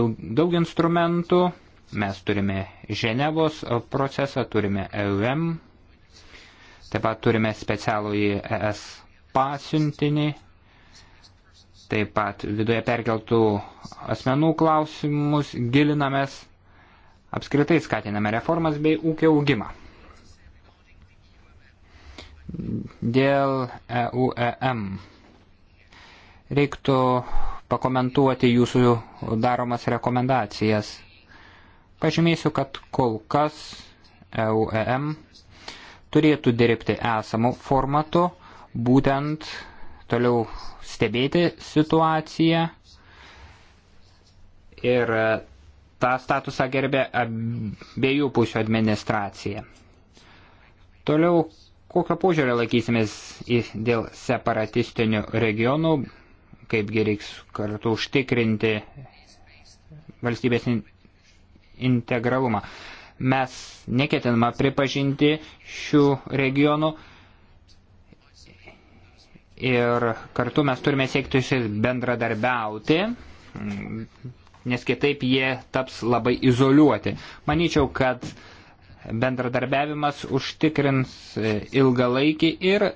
daug, daug instrumentų Mes turime Ženevos procesą, turime EUM, taip pat turime specialų į ES pasiuntinį, taip pat viduje perkeltų asmenų klausimus gilinamės, apskritai skatiname reformas bei ūkio augimą. Dėl EUEM reiktų pakomentuoti jūsų daromas rekomendacijas – Pažymėsiu, kad kol kas EUEM turėtų dirbti esamų formatų, būtent toliau stebėti situaciją ir e, tą statusą gerbė abiejų pusių administracija. Toliau, kokio požiūrio laikysimės dėl separatistinių regionų, kaipgi reiks kartu užtikrinti valstybės integralumą. Mes neketinama pripažinti šių regionų ir kartu mes turime siekti šis bendradarbiauti, nes kitaip jie taps labai izoliuoti. Manyčiau, kad bendradarbiavimas užtikrins ilgalaikį ir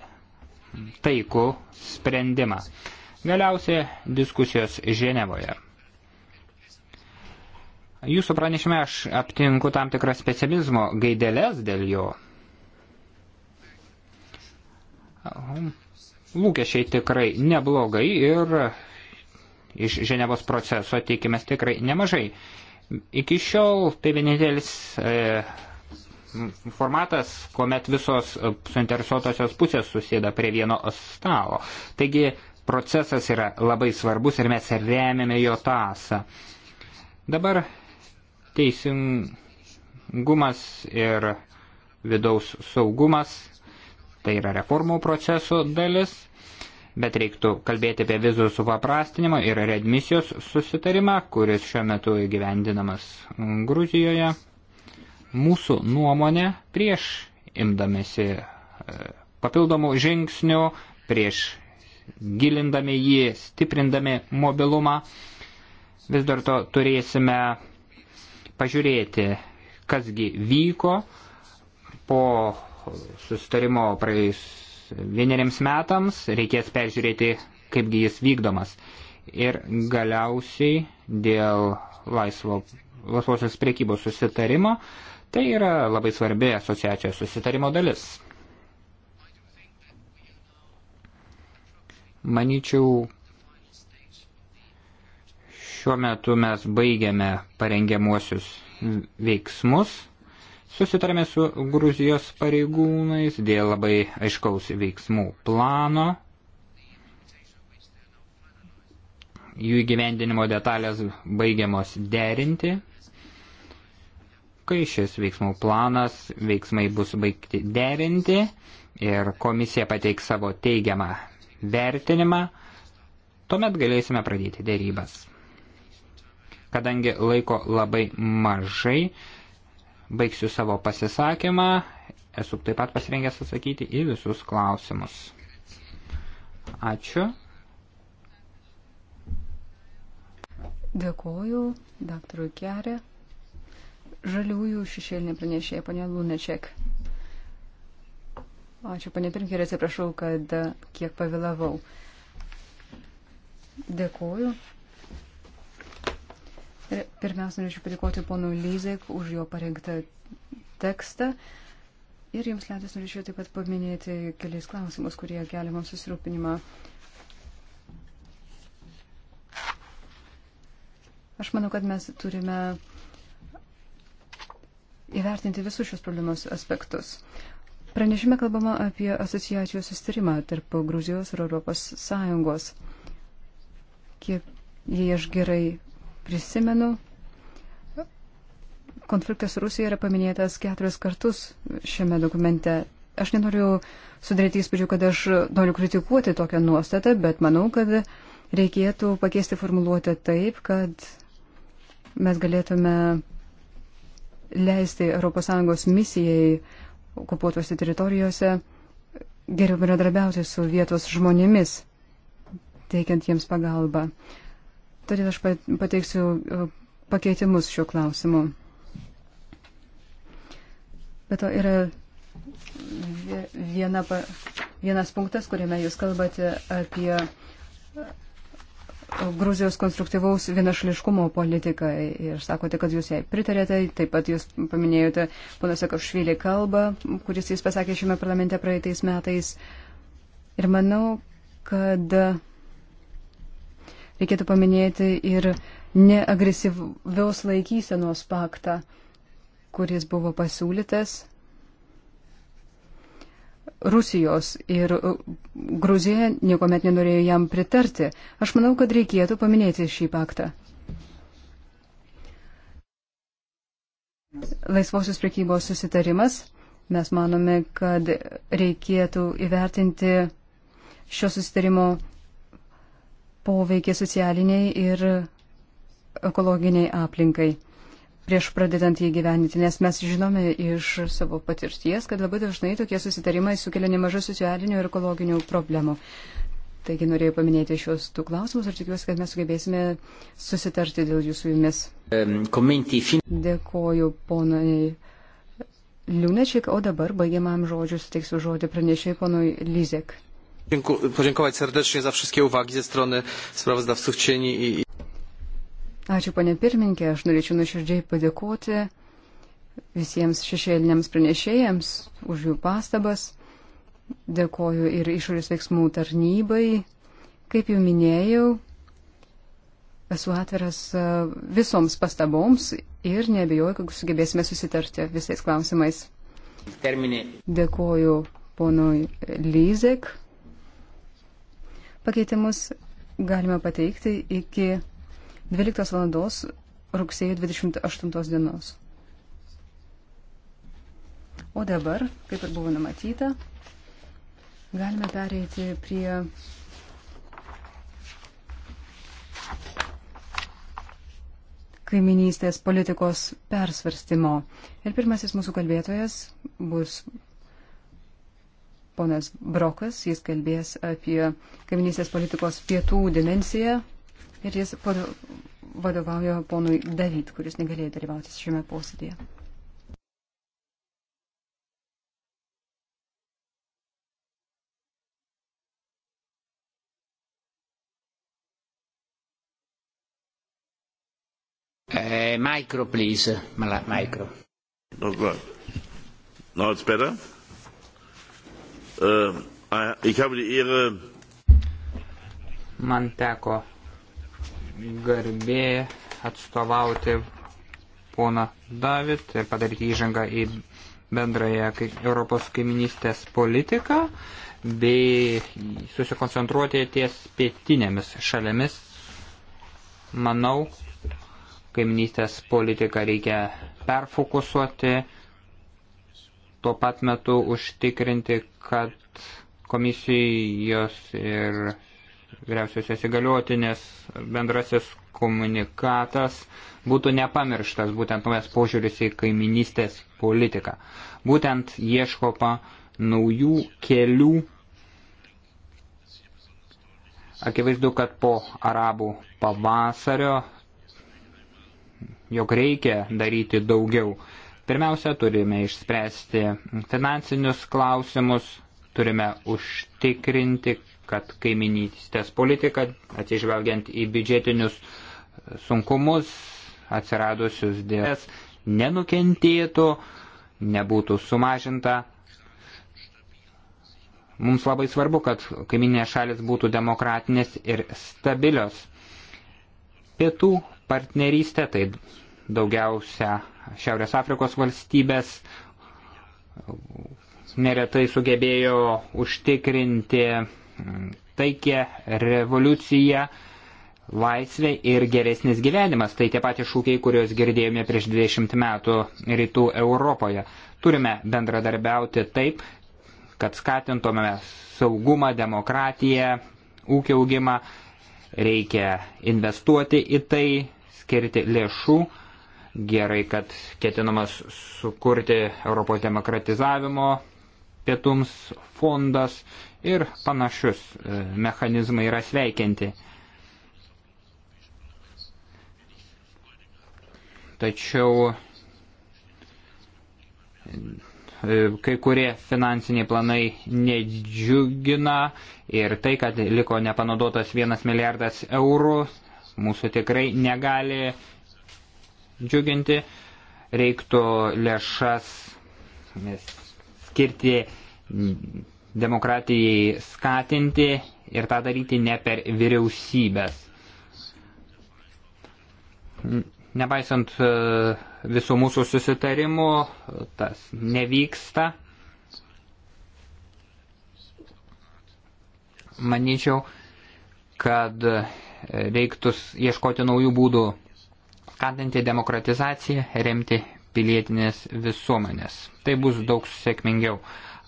taikų sprendimą. Galiausiai diskusijos Ženevoje. Jūsų pranešime aš aptinku tam tikras specializmo gaidelės dėl jo. Lūkesčiai tikrai neblogai ir iš Ženevos proceso tikimės tikrai nemažai. Iki šiol tai vienintelis e, formatas, kuomet visos suinteresuotosios pusės susėda prie vieno stalo. Taigi procesas yra labai svarbus ir mes remiame jo tasą. Dabar teisingumas ir vidaus saugumas, tai yra reformų proceso dalis, bet reiktų kalbėti apie vizų supaprastinimą ir redmisijos susitarimą, kuris šiuo metu įgyvendinamas Gruzijoje. Mūsų nuomonė prieš imdamėsi e, papildomų žingsnių, prieš gilindami jį, stiprindami mobilumą, vis dėlto turėsime pažiūrėti, kasgi vyko po sustarimo praėjus vieneriems metams, reikės peržiūrėti, kaipgi jis vykdomas. Ir galiausiai dėl laisvo, laisvosios priekybos susitarimo, tai yra labai svarbi asociacijos susitarimo dalis. Maničiau, Šiuo metu mes baigiame parengiamuosius veiksmus. Susitarėme su Gruzijos pareigūnais dėl labai aiškaus veiksmų plano. Jų įgyvendinimo detalės baigiamos derinti. Kai šis veiksmų planas, veiksmai bus baigti derinti ir komisija pateiks savo teigiamą vertinimą, tuomet galėsime pradėti dėrybas. Kadangi laiko labai mažai, baigsiu savo pasisakymą. Esu taip pat pasirengęs atsakyti į visus klausimus. Ačiū. Dėkuoju, daktarui Kerė. Žaliųjų šešėlinė pranešėja, panė Lunečiek. Ačiū, panė Pirmkirė, atsiprašau, kad kiek pavėlavau. Dėkuoju. E, pirmiausia, norėčiau padėkoti pono Lyzek už jo parengtą tekstą. Ir jums leidus norėčiau taip pat paminėti keliais klausimus, kurie kelia mums susirūpinimą. Aš manau, kad mes turime įvertinti visus šios problemos aspektus. Pranešime kalbama apie asociacijos sustarimą tarp Gruzijos ir Europos Sąjungos. Kiek jei aš gerai prisimenu, konfliktas Rusijoje yra paminėtas keturis kartus šiame dokumente. Aš nenoriu sudaryti įspūdžių, kad aš noriu kritikuoti tokią nuostatą, bet manau, kad reikėtų pakeisti formuluotę taip, kad mes galėtume leisti ES misijai okupuotose teritorijose geriau bendradarbiauti su vietos žmonėmis, teikiant jiems pagalbą. Todėl aš pateiksiu e, pakeitimus šiuo klausimu. Bet to yra viena, vienas punktas, kuriame jūs kalbate apie e, Gruzijos konstruktyvaus vienašališkumo politiką ir sakote, kad jūs jai pritarėte, taip pat jūs paminėjote pono Sakašvilį kalbą, kuris jis pasakė šiame parlamente praeitais metais. Ir manau, kad Reikėtų paminėti ir neagresyviaus laikysenos paktą, kuris buvo pasiūlytas Rusijos ir Gruzija niekuomet nenorėjo jam pritarti. Aš manau, kad reikėtų paminėti šį paktą. Laisvosios priekybos susitarimas. Mes manome, kad reikėtų įvertinti šio susitarimo poveikį socialiniai ir ekologiniai aplinkai prieš pradedant jį gyveninti, nes mes žinome iš savo patirties, kad labai dažnai tokie susitarimai sukelia nemažai socialinių ir ekologinių problemų. Taigi norėjau paminėti šios tų klausimus ir tikiuosi, kad mes sugebėsime susitarti dėl jūsų jumis. Dėkoju ponai Liūnečik, o dabar baigiamam žodžiu suteiksiu žodį pranešėjai ponui Lizek. Podziękować serdecznie za wszystkie uwagi ze strony sprawozdawców cieni. Ačiū, ponė pirmininkė, aš norėčiau nuoširdžiai padėkoti visiems šešėliniams pranešėjams už jų pastabas. Dėkoju ir išorės veiksmų tarnybai. Kaip jau minėjau, esu atviras e, visoms pastaboms ir nebejoju, kad sugebėsime susitarti visais klausimais. Terminė. Dėkoju ponui Lyzek. Pakeitimus galime pateikti iki 12 valandos rugsėjo 28 dienos. O dabar, kaip ir buvo numatyta, galime pereiti prie kaiminystės politikos persvarstymo. Ir pirmasis mūsų kalbėtojas bus ponas Brokas, jis kalbės apie kaiminystės politikos pietų dimensiją ir jis vadovauja ponui David, kuris negalėjo dalyvauti šiame posėdėje. Eh, micro, please. Micro. Oh, God. Now it's better? Ähm, äh, Man teko garbė atstovauti poną David ir padaryti įžangą į bendrąją Europos kaiminystės politiką bei susikoncentruoti ties pietinėmis šalėmis. Manau, kaiminystės politiką reikia perfokusuoti tuo pat metu užtikrinti, kad komisijos ir vyriausiosios įgaliotinės bendrasis komunikatas būtų nepamirštas, būtent naujas požiūris į kaiminystės politiką. Būtent ieškoma naujų kelių. Akivaizdu, kad po arabų pavasario jog reikia daryti daugiau. Pirmiausia, turime išspręsti finansinius klausimus, turime užtikrinti, kad kaiminystės politika, atsižvelgiant į biudžetinius sunkumus atsiradusius dėlės, nenukentėtų, nebūtų sumažinta. Mums labai svarbu, kad kaiminės šalis būtų demokratinės ir stabilios. Pietų partnerystė tai daugiausia Šiaurės Afrikos valstybės neretai sugebėjo užtikrinti taikę revoliuciją, laisvė ir geresnis gyvenimas. Tai tie patys šūkiai, kuriuos girdėjome prieš 20 metų rytų Europoje. Turime bendradarbiauti taip, kad skatintume saugumą, demokratiją, ūkio augimą. Reikia investuoti į tai, skirti lėšų Gerai, kad ketinamas sukurti Europos demokratizavimo pietums fondas ir panašus e, mechanizmai yra sveikinti. Tačiau e, kai kurie finansiniai planai nedžiugina ir tai, kad liko nepanaudotas vienas milijardas eurų, mūsų tikrai negali džiuginti, reiktų lėšas skirti demokratijai skatinti ir tą daryti ne per vyriausybės. Nepaisant e, visų mūsų susitarimų, tas nevyksta. Manyčiau, kad reiktų ieškoti naujų būdų skatinti demokratizaciją, remti pilietinės visuomenės. Tai bus daug sėkmingiau.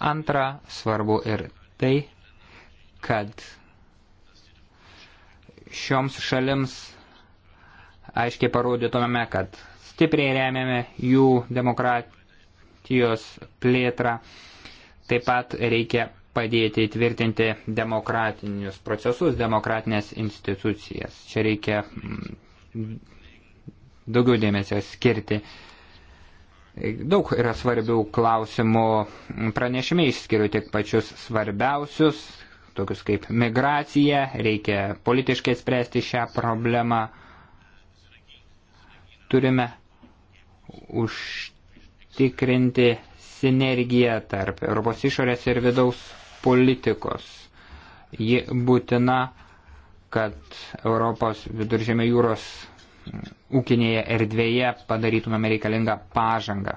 Antra, svarbu ir tai, kad šioms šalims aiškiai parodytumėme, kad stipriai remiame jų demokratijos plėtrą. Taip pat reikia padėti įtvirtinti demokratinius procesus, demokratinės institucijas. Čia reikia mm, daugiau dėmesio skirti. Daug yra svarbių klausimų pranešime išskiriu tik pačius svarbiausius, tokius kaip migracija, reikia politiškai spręsti šią problemą. Turime užtikrinti sinergiją tarp Europos išorės ir vidaus politikos. Ji būtina, kad Europos viduržėmė jūros ūkinėje erdvėje padarytumėme reikalingą pažangą.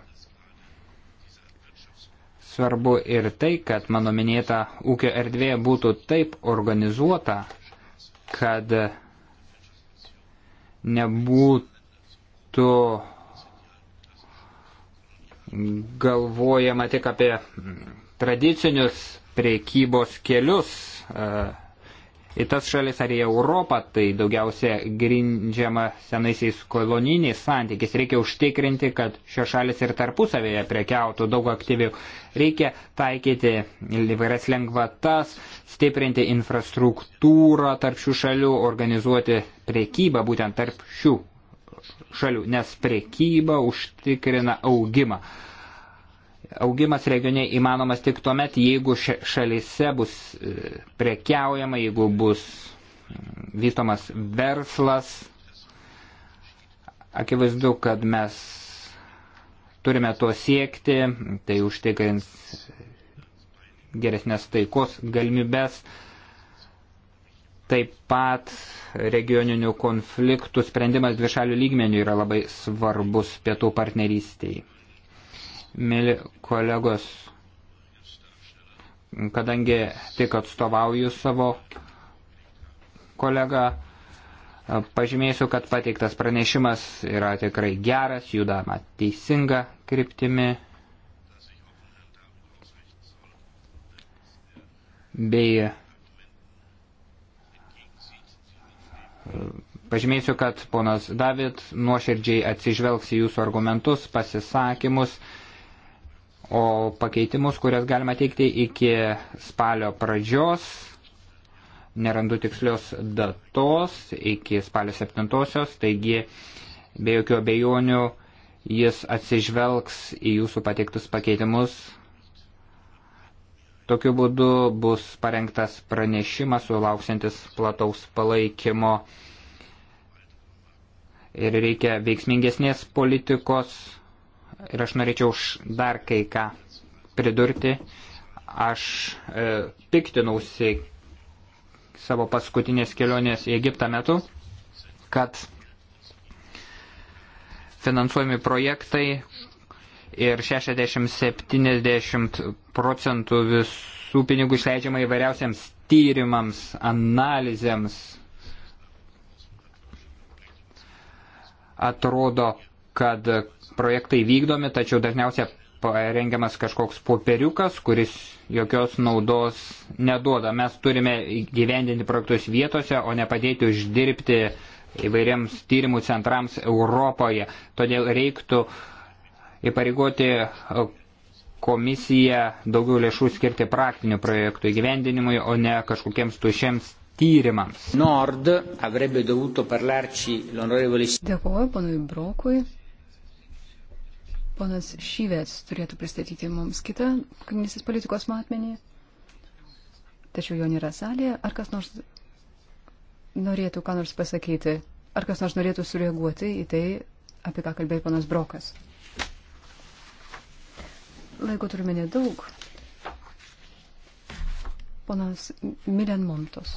Svarbu ir tai, kad mano minėta ūkio erdvė būtų taip organizuota, kad nebūtų galvojama tik apie tradicinius priekybos kelius, į tas šalis ar į Europą, tai daugiausia grindžiama senaisiais koloniniais santykiais. Reikia užtikrinti, kad šios šalis ir tarpusavėje prekiautų daug aktyviau. Reikia taikyti įvairias lengvatas, stiprinti infrastruktūrą tarp šių šalių, organizuoti priekybą būtent tarp šių šalių, nes priekyba užtikrina augimą. Augimas regione įmanomas tik tuomet, jeigu šalyse bus e, prekiaujama, jeigu bus vystomas verslas. Akivaizdu, kad mes turime to siekti, tai užtikrins geresnės taikos galimybės. Taip pat regioninių konfliktų sprendimas dvišalių lygmenių yra labai svarbus pietų partnerystiai. Mėly kolegos, kadangi tik atstovauju savo kolegą, pažymėsiu, kad pateiktas pranešimas yra tikrai geras, judama teisinga kryptimi. Bei Pažymėsiu, kad ponas David nuoširdžiai atsižvelgs į jūsų argumentus, pasisakymus, o pakeitimus, kurias galima teikti iki spalio pradžios, nerandu tikslios datos, iki spalio 7-osios, taigi be jokių abejonių jis atsižvelgs į jūsų pateiktus pakeitimus. Tokiu būdu bus parengtas pranešimas, sulauksintis plataus palaikymo ir reikia veiksmingesnės politikos ir aš norėčiau dar kai ką pridurti. Aš e, piktinausi savo paskutinės kelionės į Egiptą metu, kad finansuojami projektai ir 60-70 procentų visų pinigų išleidžiama įvairiausiams tyrimams, analizėms. Atrodo, kad projektai vykdomi, tačiau dažniausiai parengiamas kažkoks popieriukas, kuris jokios naudos neduoda. Mes turime gyvendinti projektus vietose, o ne padėti uždirbti įvairiems tyrimų centrams Europoje. Todėl reiktų įpareigoti komisiją daugiau lėšų skirti praktinių projektų įgyvendinimui, o ne kažkokiems tušiems tyrimams. Nord avrebbe dovuto parlarci l'onorevole. Dėkuoju, panui Brokui. Ponas Šyvės turėtų pristatyti mums kitą kognisis politikos matmenį, tačiau jo nėra salėje. Ar kas nors norėtų ką nors pasakyti? Ar kas nors norėtų sureaguoti į tai, apie ką kalbėjo panas Brokas? Laiko turime nedaug. Ponas Milen Montos.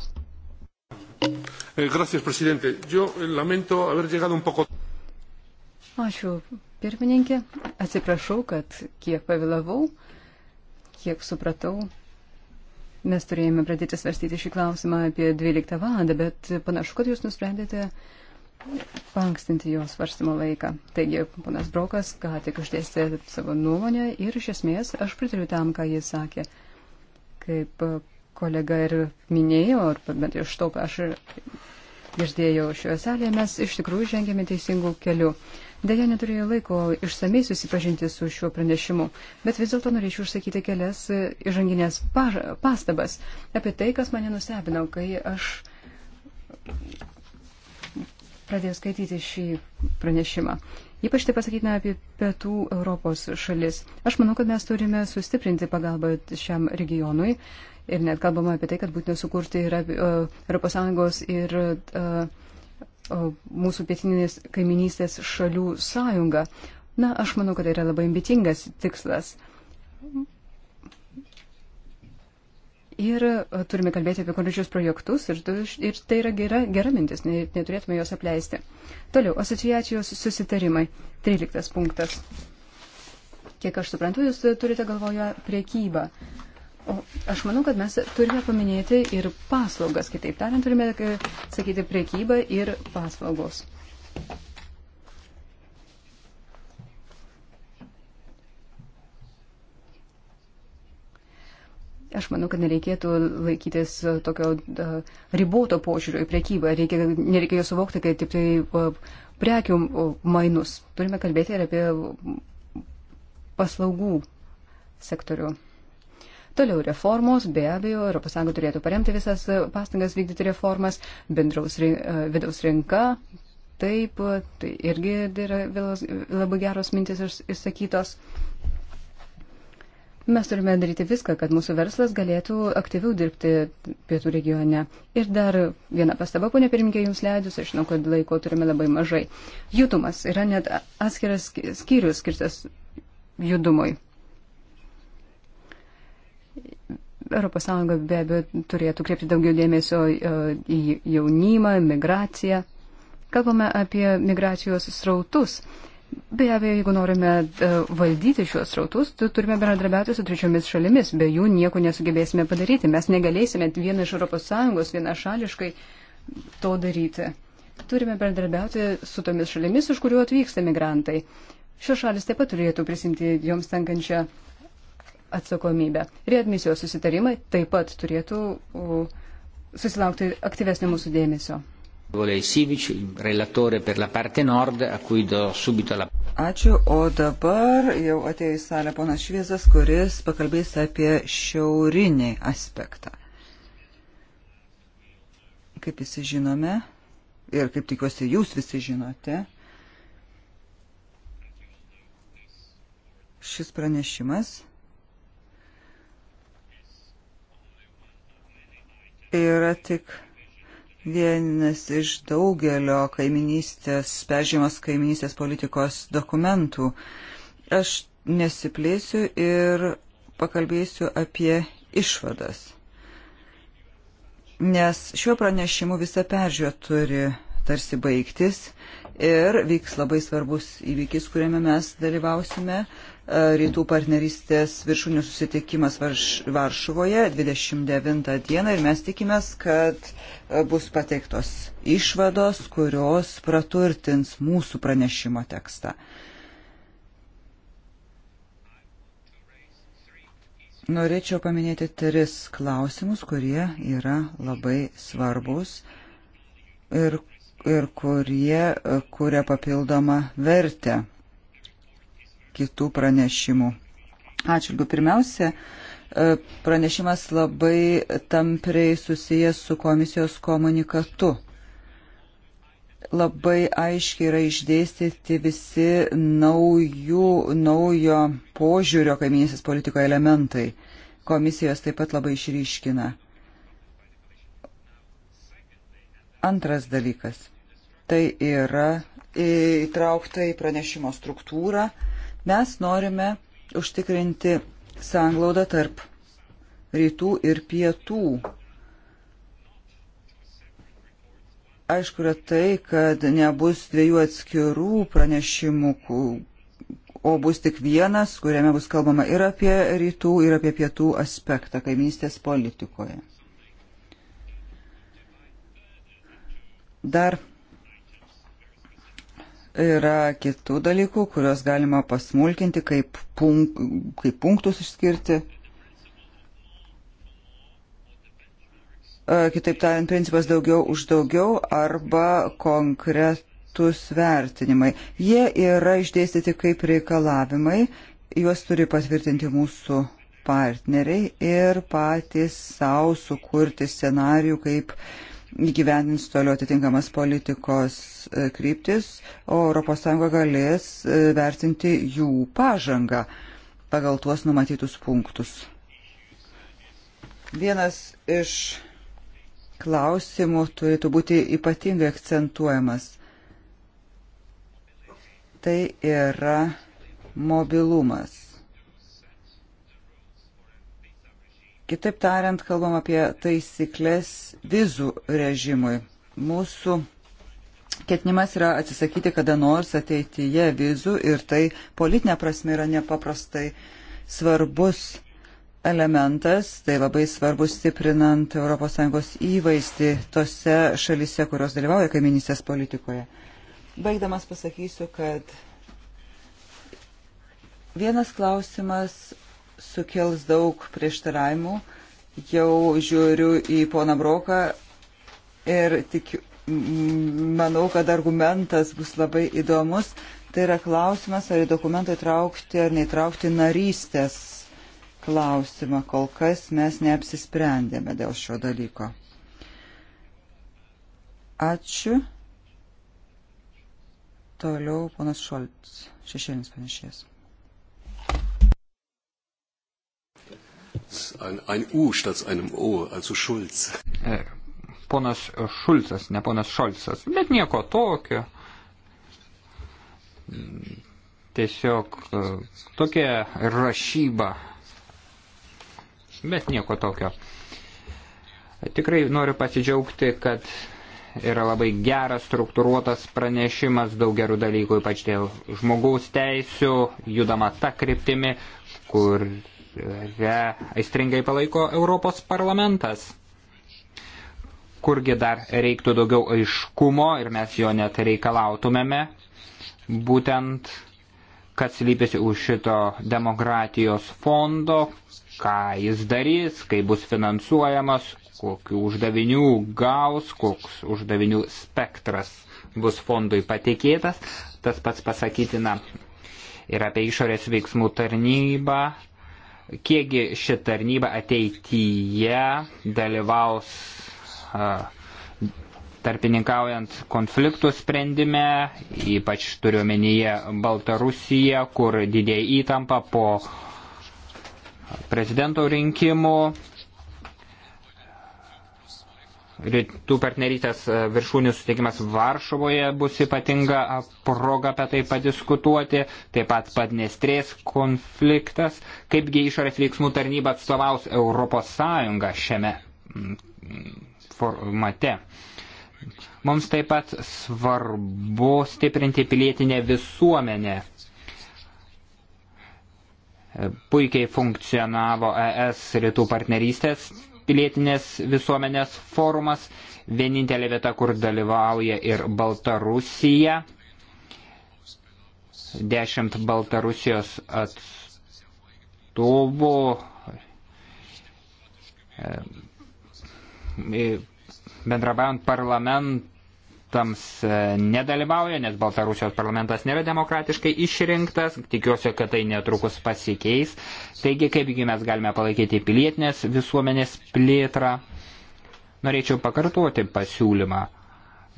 Eh, gracias, presidente. Yo eh, lamento haber llegado un poco. Ačiū, pirmininkė. Atsiprašau, kad kiek pavėlavau, kiek supratau. Mes turėjome pradėti svarstyti šį klausimą apie 12 valandą, bet panašu, kad jūs nusprendėte pankstinti jo svarstymo laiką. Taigi, ponas Brokas ką tik išdėstė savo nuomonę ir iš esmės aš pritariu tam, ką jis sakė. Kaip kolega ir minėjo, ar bent iš to, ką aš girdėjau šioje salėje, mes iš tikrųjų žengėme teisingų kelių. Deja, neturėjau laiko išsamei susipažinti su šiuo pranešimu, bet vis dėlto norėčiau užsakyti kelias e, įžanginės pastabas apie tai, kas mane nustebino, kai aš pradėjau skaityti šį pranešimą. Ypač tai pasakytina apie pietų Europos šalis. Aš manau, kad mes turime sustiprinti pagalbą šiam regionui ir net kalbama apie tai, kad būtina sukurti ir ES e, ir. Uh, mūsų pietinės kaiminystės šalių sąjungą. Na, aš manau, kad tai yra labai ambicingas tikslas. Ir turime kalbėti apie konkrečius projektus ir, ir tai yra gera, gera mintis, neturėtume jos apleisti. Toliau, asociacijos susitarimai. 13 punktas. Kiek aš suprantu, jūs turite galvoje priekybą. Uh, Aš manau, kad mes turime paminėti ir paslaugas, kitaip tariant, turime e, sakyti priekybą ir paslaugos. Aš manau, kad nereikėtų laikytis tokio e, riboto požiūrio į priekybą. Reikia, nereikia jo suvokti, kad tik tai prekių mainus. Turime kalbėti ir apie paslaugų sektorių. Toliau reformos, be abejo, ES turėtų paremti visas pastangas vykdyti reformas, bendraus e, vidaus rinka, taip, tai irgi yra labai geros mintis išsakytos. Mes turime daryti viską, kad mūsų verslas galėtų aktyviau dirbti pietų regione. Ir dar viena pastaba, ponė pirmininkė, jums leidus, aš žinau, kad laiko turime labai mažai. Judumas yra net atskiras skyrius skirtas judumui. ES be abejo turėtų kreipti daugiau dėmesio e, į jaunimą, migraciją. Kalbame apie migracijos srautus. Be abejo, jeigu norime e, valdyti šiuos srautus, turime bendradarbiauti su trečiomis šalimis. Be jų nieko nesugebėsime padaryti. Mes negalėsime vieną iš ES vienašališkai to daryti. Turime bendradarbiauti su tomis šalimis, iš kurių atvyksta migrantai. Šios šalis taip pat turėtų prisimti joms tenkančią atsakomybę. Readmisijos susitarimai taip pat turėtų susilaukti aktyvesnio mūsų dėmesio. Ačiū, o dabar jau atėjo į salę ponas Šviesas, kuris pakalbės apie šiaurinį aspektą. Kaip visi žinome, ir kaip tikiuosi jūs visi žinote, šis pranešimas yra tik vienas iš daugelio kaiminystės, peržymos kaiminystės politikos dokumentų. Aš nesiplėsiu ir pakalbėsiu apie išvadas. Nes šiuo pranešimu visa peržiūra turi tarsi baigtis ir vyks labai svarbus įvykis, kuriame mes dalyvausime. E, rytų partnerystės viršūnių susitikimas Varš Varšuvoje 29 dieną ir mes tikimės, kad e, bus pateiktos išvados, kurios praturtins mūsų pranešimo tekstą. Norėčiau paminėti tris klausimus, kurie yra labai svarbus ir ir kurie e, kuria papildomą vertę kitų pranešimų. Atšilgiu pirmiausia, e, pranešimas labai tampriai susijęs su komisijos komunikatu. Labai aiškiai yra išdėstyti visi naujų, naujo požiūrio kaiminėsis politiko elementai. Komisijos taip pat labai išryškina. Antras dalykas tai yra įtraukta į pranešimo struktūrą. Mes norime užtikrinti sanglaudą tarp rytų ir pietų aišku yra tai, kad nebus dviejų atskirų pranešimų, o bus tik vienas, kuriame bus kalbama ir apie rytų, ir apie pietų aspektą kaiminystės politikoje. Dar Yra kitų dalykų, kuriuos galima pasmulkinti, kaip, punk kaip punktus išskirti. E, kitaip tariant, principas daugiau už daugiau arba konkretus vertinimai. Jie yra išdėstyti kaip reikalavimai, juos turi patvirtinti mūsų partneriai ir patys savo sukurti scenarių, kaip uh, gyvenins toliau atitinkamas politikos e, kryptis, o ES galės e, vertinti jų pažangą pagal tuos numatytus punktus. Vienas iš klausimų turėtų būti ypatingai akcentuojamas. Tai yra mobilumas. Kitaip tariant, kalbam apie taisyklės vizų režimui. Mūsų ketinimas yra atsisakyti kada nors ateityje vizų ir tai politinė prasme yra nepaprastai svarbus elementas, tai labai svarbus stiprinant ES įvaizdį tose šalise, kurios dalyvauja kaiminysės politikoje. Baigdamas pasakysiu, kad vienas klausimas sukels daug prieštaravimų. Jau žiūriu į poną Broką ir tikiu, mm, manau, kad argumentas bus labai įdomus. Tai yra klausimas, ar į dokumentą įtraukti ar neįtraukti narystės klausimą. Kol kas mes neapsisprendėme dėl šio dalyko. Ačiū. Toliau ponas Šolts, šešėlinis panešės. ein, ein U statt einem O, also Schulz. E, ponas Šulcas, ne ponas Šolcas, bet nieko tokio. Tiesiog e, tokia rašyba, bet nieko tokio. Tikrai noriu pasidžiaugti, kad yra labai geras struktūruotas pranešimas, daug gerų dalykų, ypač dėl žmogaus teisių, judama tą kryptimi, kur kurią aistringai palaiko Europos parlamentas. Kurgi dar reiktų daugiau aiškumo ir mes jo net reikalautumėme, būtent kas lypėsi už šito demokratijos fondo, ką jis darys, kaip bus finansuojamas, kokiu uždavinių gaus, koks uždavinių spektras bus fondui patikėtas. Tas pats pasakytina ir apie išorės veiksmų tarnybą, kiekgi ši tarnyba ateityje dalyvaus tarpininkaujant konfliktų sprendime, ypač turiuomenyje Baltarusiją, kur didėja įtampa po prezidento rinkimų Rytų partnerystės e, viršūnių sutikimas Varšuvoje bus ypatinga proga apie tai padiskutuoti, taip pat padnestrės konfliktas, kaipgi išorės veiksmų tarnyba atstovaus Europos Sąjungą šiame mm, formate. Mums taip pat svarbu stiprinti pilietinę visuomenę. E, puikiai funkcionavo ES rytų partnerystės pilietinės visuomenės forumas, vienintelė vieta, kur dalyvauja ir Baltarusija, dešimt Baltarusijos atstovų e, e, bendrabant parlament Tams e, nedalyvauja, nes Baltarusijos parlamentas nėra demokratiškai išrinktas, tikiuosi, kad tai netrukus pasikeis. Taigi, kaipgi mes galime palaikyti pilietinės visuomenės plėtrą. Norėčiau pakartoti pasiūlymą.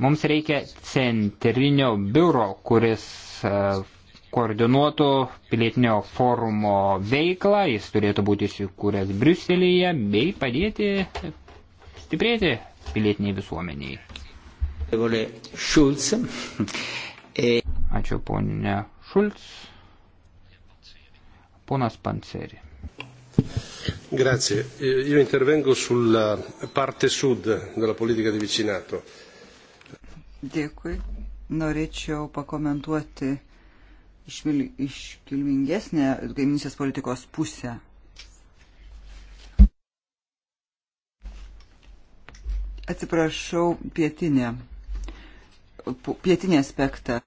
Mums reikia centrinio biuro, kuris e, koordinuotų pilietinio forumo veiklą, jis turėtų būti įsikūręs Briuselyje bei padėti stiprėti pilietiniai visuomeniai. E- Ačiū ponė Šulc. Ponas Panceri. Grazie. Io intervengo sulla parte sud della politica di vicinato. Dėkui. Norėčiau pakomentuoti iškilmingesnę kaiminysės politikos pusę. Atsiprašau, pietinė pietinį aspektą.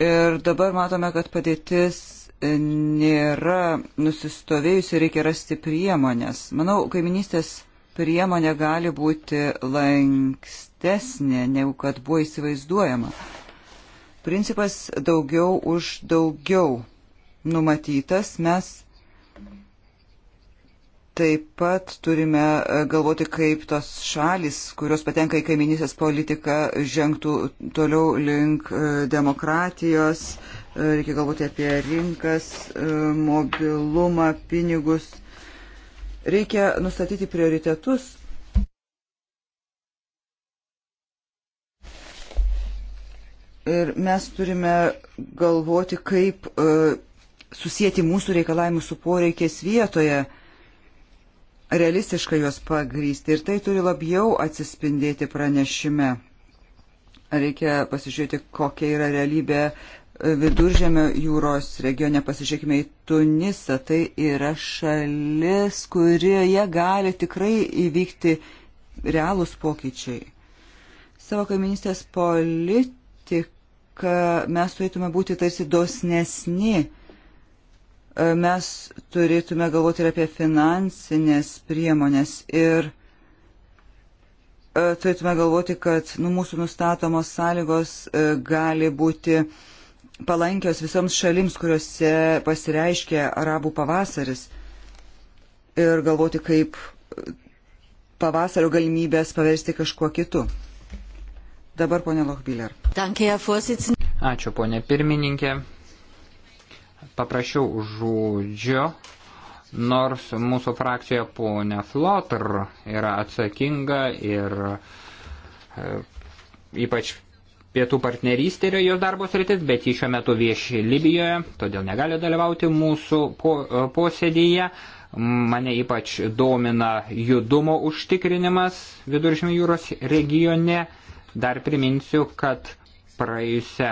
Ir dabar matome, kad padėtis nėra nusistovėjusi, reikia rasti priemonės. Manau, kaiminystės priemonė gali būti lankstesnė, negu kad buvo įsivaizduojama. Principas daugiau už daugiau numatytas, mes Taip pat turime e, galvoti, kaip tos šalis, kurios patenka į kaiminysės politiką, žengtų toliau link e, demokratijos. E, reikia galvoti apie rinkas, mobilumą, pinigus. Reikia nustatyti prioritetus. Ir mes turime galvoti, kaip susijęti mūsų reikalavimus su poreikiais vietoje realistiškai juos pagrysti ir tai turi labiau atsispindėti pranešime. Reikia pasižiūrėti, kokia yra realybė viduržėmio jūros regione. Pasižiūrėkime į Tunisą. Tai yra šalis, kurioje gali tikrai įvykti realūs pokyčiai. Savo kaiminystės politiką mes turėtume būti tarsi dosnesni E, mes turėtume galvoti ir apie finansinės priemonės ir e, turėtume galvoti, kad nu, mūsų nustatomos sąlygos e, gali būti palankios visoms šalims, kuriuose pasireiškia arabų pavasaris ir galvoti, kaip pavasario galimybės paversti kažkuo kitu. Dabar ponė Lochbiller. Ačiū ponė pirmininkė paprašiau žodžio, nors mūsų frakcija ponė Flotr yra atsakinga ir e, ypač pietų partnerystė yra jos darbos rytis, bet ji šiuo metu vieši Libijoje, todėl negali dalyvauti mūsų po, e, posėdėje. Mane ypač domina judumo užtikrinimas viduržmių jūros regione. Dar priminsiu, kad praėjusią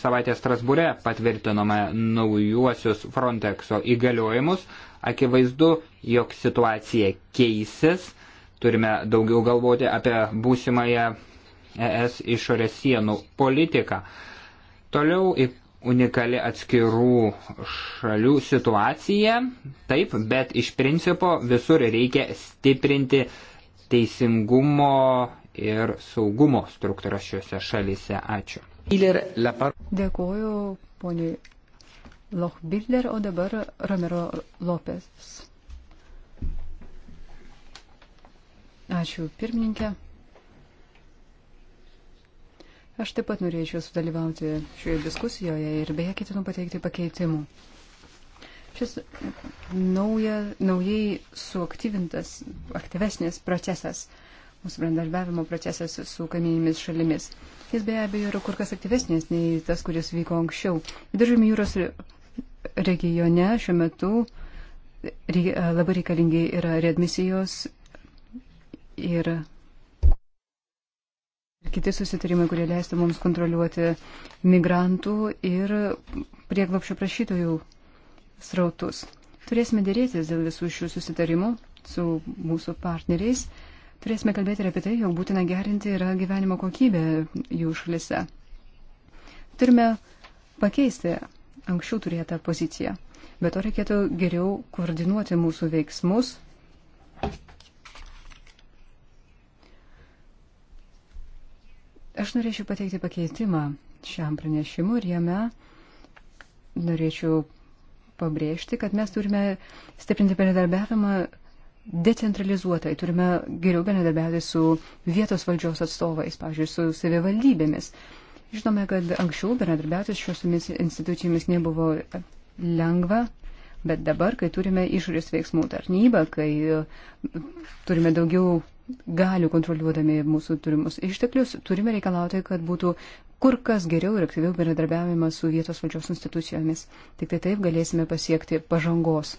savaitę Strasbūre patvirtinome naujuosius Frontexo įgaliojimus. Akivaizdu, jog situacija keisis. Turime daugiau galvoti apie būsimąją ES išorės sienų politiką. Toliau unikali atskirų šalių situacija. Taip, bet iš principo visur reikia stiprinti teisingumo ir saugumo struktūras šiuose šalyse. Ačiū. Dėkuoju poniai Lochbiller, o dabar Ramiro Lopes. Ačiū pirmininkė. Aš taip pat norėčiau sudalyvauti šioje diskusijoje ir beje ketinu pateikti pakeitimų. Šis nauja, naujai suaktyvintas, aktyvesnis procesas, mūsų bendarbiavimo procesas su kaimynėmis šalimis. Jis be abejo yra kur kas aktyvesnis nei tas, kuris vyko anksčiau. Viduržymį jūros regione šiuo metu labai reikalingi yra readmisijos ir kiti susitarimai, kurie leistų mums kontroliuoti migrantų ir prieglapšio prašytojų srautus. Turėsime dėrėtis dėl visų šių susitarimų su mūsų partneriais Turėsime kalbėti ir apie tai, jog būtina gerinti yra gyvenimo kokybę jų šalise. Turime pakeisti anksčiau turėtą poziciją. Be to reikėtų geriau koordinuoti mūsų veiksmus. Aš norėčiau pateikti pakeitimą šiam pranešimui ir jame norėčiau pabrėžti, kad mes turime stiprinti bendradarbiavimą decentralizuotai, turime geriau bendradarbiauti su vietos valdžios atstovais, pavyzdžiui, su savivaldybėmis. Žinome, kad anksčiau bendradarbiauti šiosiomis institucijomis nebuvo lengva, bet dabar, kai turime išorės veiksmų tarnybą, kai e, turime daugiau galių kontroliuodami mūsų turimus išteklius, turime reikalauti, kad būtų kur kas geriau ir aktyviau bendradarbiavimas su vietos valdžios institucijomis. Tik tai taip galėsime pasiekti pažangos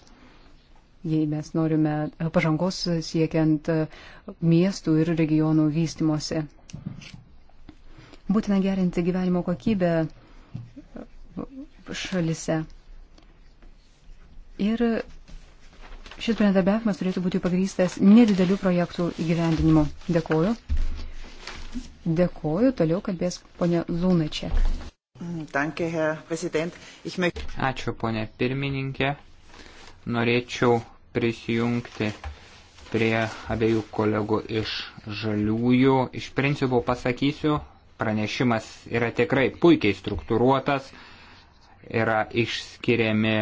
jei mes norime e, pažangos siekiant e, miestų ir regionų vystimuose. Būtina gerinti gyvenimo kokybę e, šalise. Ir šis bendradarbiavimas turėtų būti pagrystas nedidelių projektų įgyvendinimu. Dėkoju. Dėkoju. Toliau kalbės ponė Lunačiak. Ačiū, ponė pirmininkė. Norėčiau prisijungti prie abiejų kolegų iš žaliųjų. Iš principo pasakysiu, pranešimas yra tikrai puikiai struktūruotas, yra išskiriami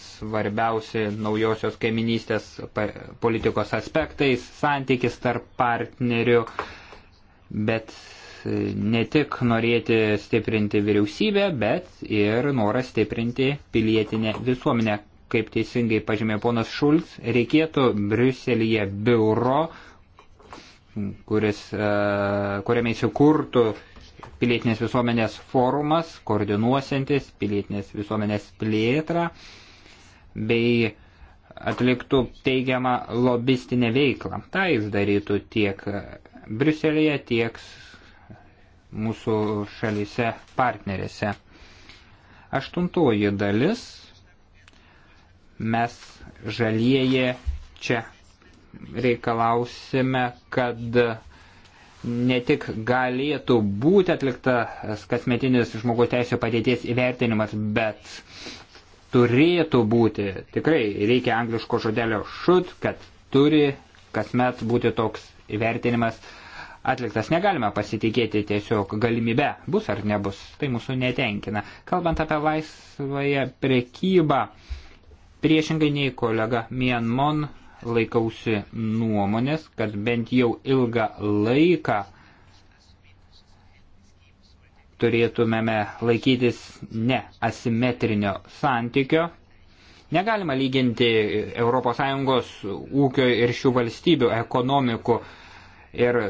svarbiausi naujosios kaiminystės politikos aspektais, santykis tarp partnerių, bet ne tik norėti stiprinti vyriausybę, bet ir noras stiprinti pilietinę visuomenę kaip teisingai pažymė ponas Šulc, reikėtų Briuselyje biuro, kuris, e, kuriame įsikurtų pilietinės visuomenės forumas, koordinuosiantis pilietinės visuomenės plėtrą, bei atliktų teigiamą lobistinę veiklą. Ta jis darytų tiek Briuselėje, tiek mūsų šalyse partnerėse. Aštuntoji dalis Mes žalieji čia reikalausime, kad ne tik galėtų būti atliktas kasmetinis žmogaus teisų padėties įvertinimas, bet turėtų būti, tikrai reikia angliško žodelio should, kad turi kasmet būti toks įvertinimas atliktas. Negalime pasitikėti tiesiog galimybę, bus ar nebus, tai mūsų netenkina. Kalbant apie laisvąją prekybą, Priešingai nei kolega Mianmon laikausi nuomonės, kad bent jau ilgą laiką turėtumėme laikytis ne asimetrinio santykio. Negalima lyginti ES ūkio ir šių valstybių ekonomikų ir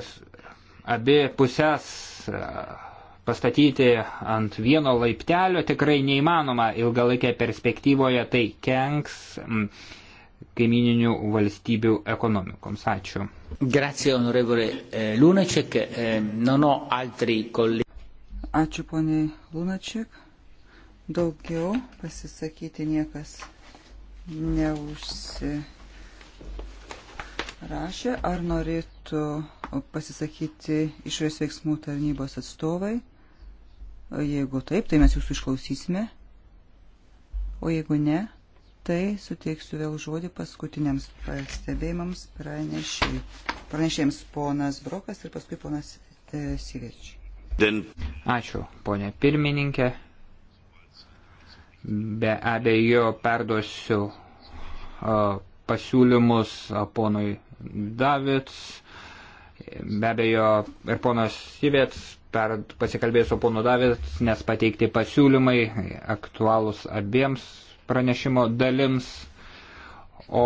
abi pusės pastatyti ant vieno laiptelio tikrai neįmanoma ilgalaikėje perspektyvoje, tai kenks mm, kaimininių valstybių ekonomikoms. Ačiū. Grazie, onorevole eh, Lunaček. Eh, non ho altri colleghi. Ačiū, poniai Lunaček. Daugiau pasisakyti niekas neužsirašė. Ar norėtų pasisakyti išorės veiksmų tarnybos atstovai? Jeigu taip, tai mes jūsų išklausysime. O jeigu ne, tai suteiksiu vėl žodį paskutiniams pastebėjimams pranešėjams ponas Brokas ir paskui ponas e, Sigeč. Ačiū, ponė pirmininkė. Be abejo, perduosiu o, pasiūlymus o, ponui Davids. Be abejo, ir ponas Sivets per pasikalbėjus su ponu Davės, nes pateikti pasiūlymai aktualūs abiems pranešimo dalims. O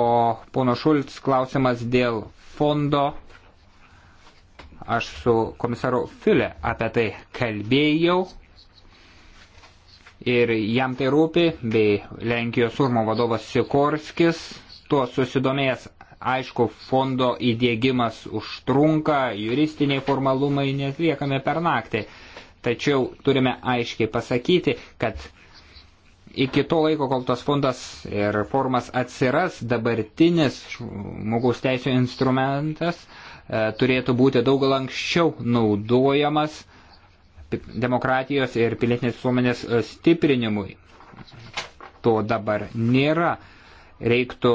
pono Šulc klausimas dėl fondo. Aš su komisaru File apie tai kalbėjau ir jam tai rūpi, bei Lenkijos urmo vadovas Sikorskis tuo susidomėjęs Aišku, fondo įdėgymas užtrunka, juristiniai formalumai netliekame per naktį. Tačiau turime aiškiai pasakyti, kad iki to laiko, kol tas fondas ir formas atsiras, dabartinis žmogaus teisų instrumentas e, turėtų būti daug lankščiau naudojamas demokratijos ir pilietinės visuomenės e, stiprinimui. To dabar nėra. Reiktų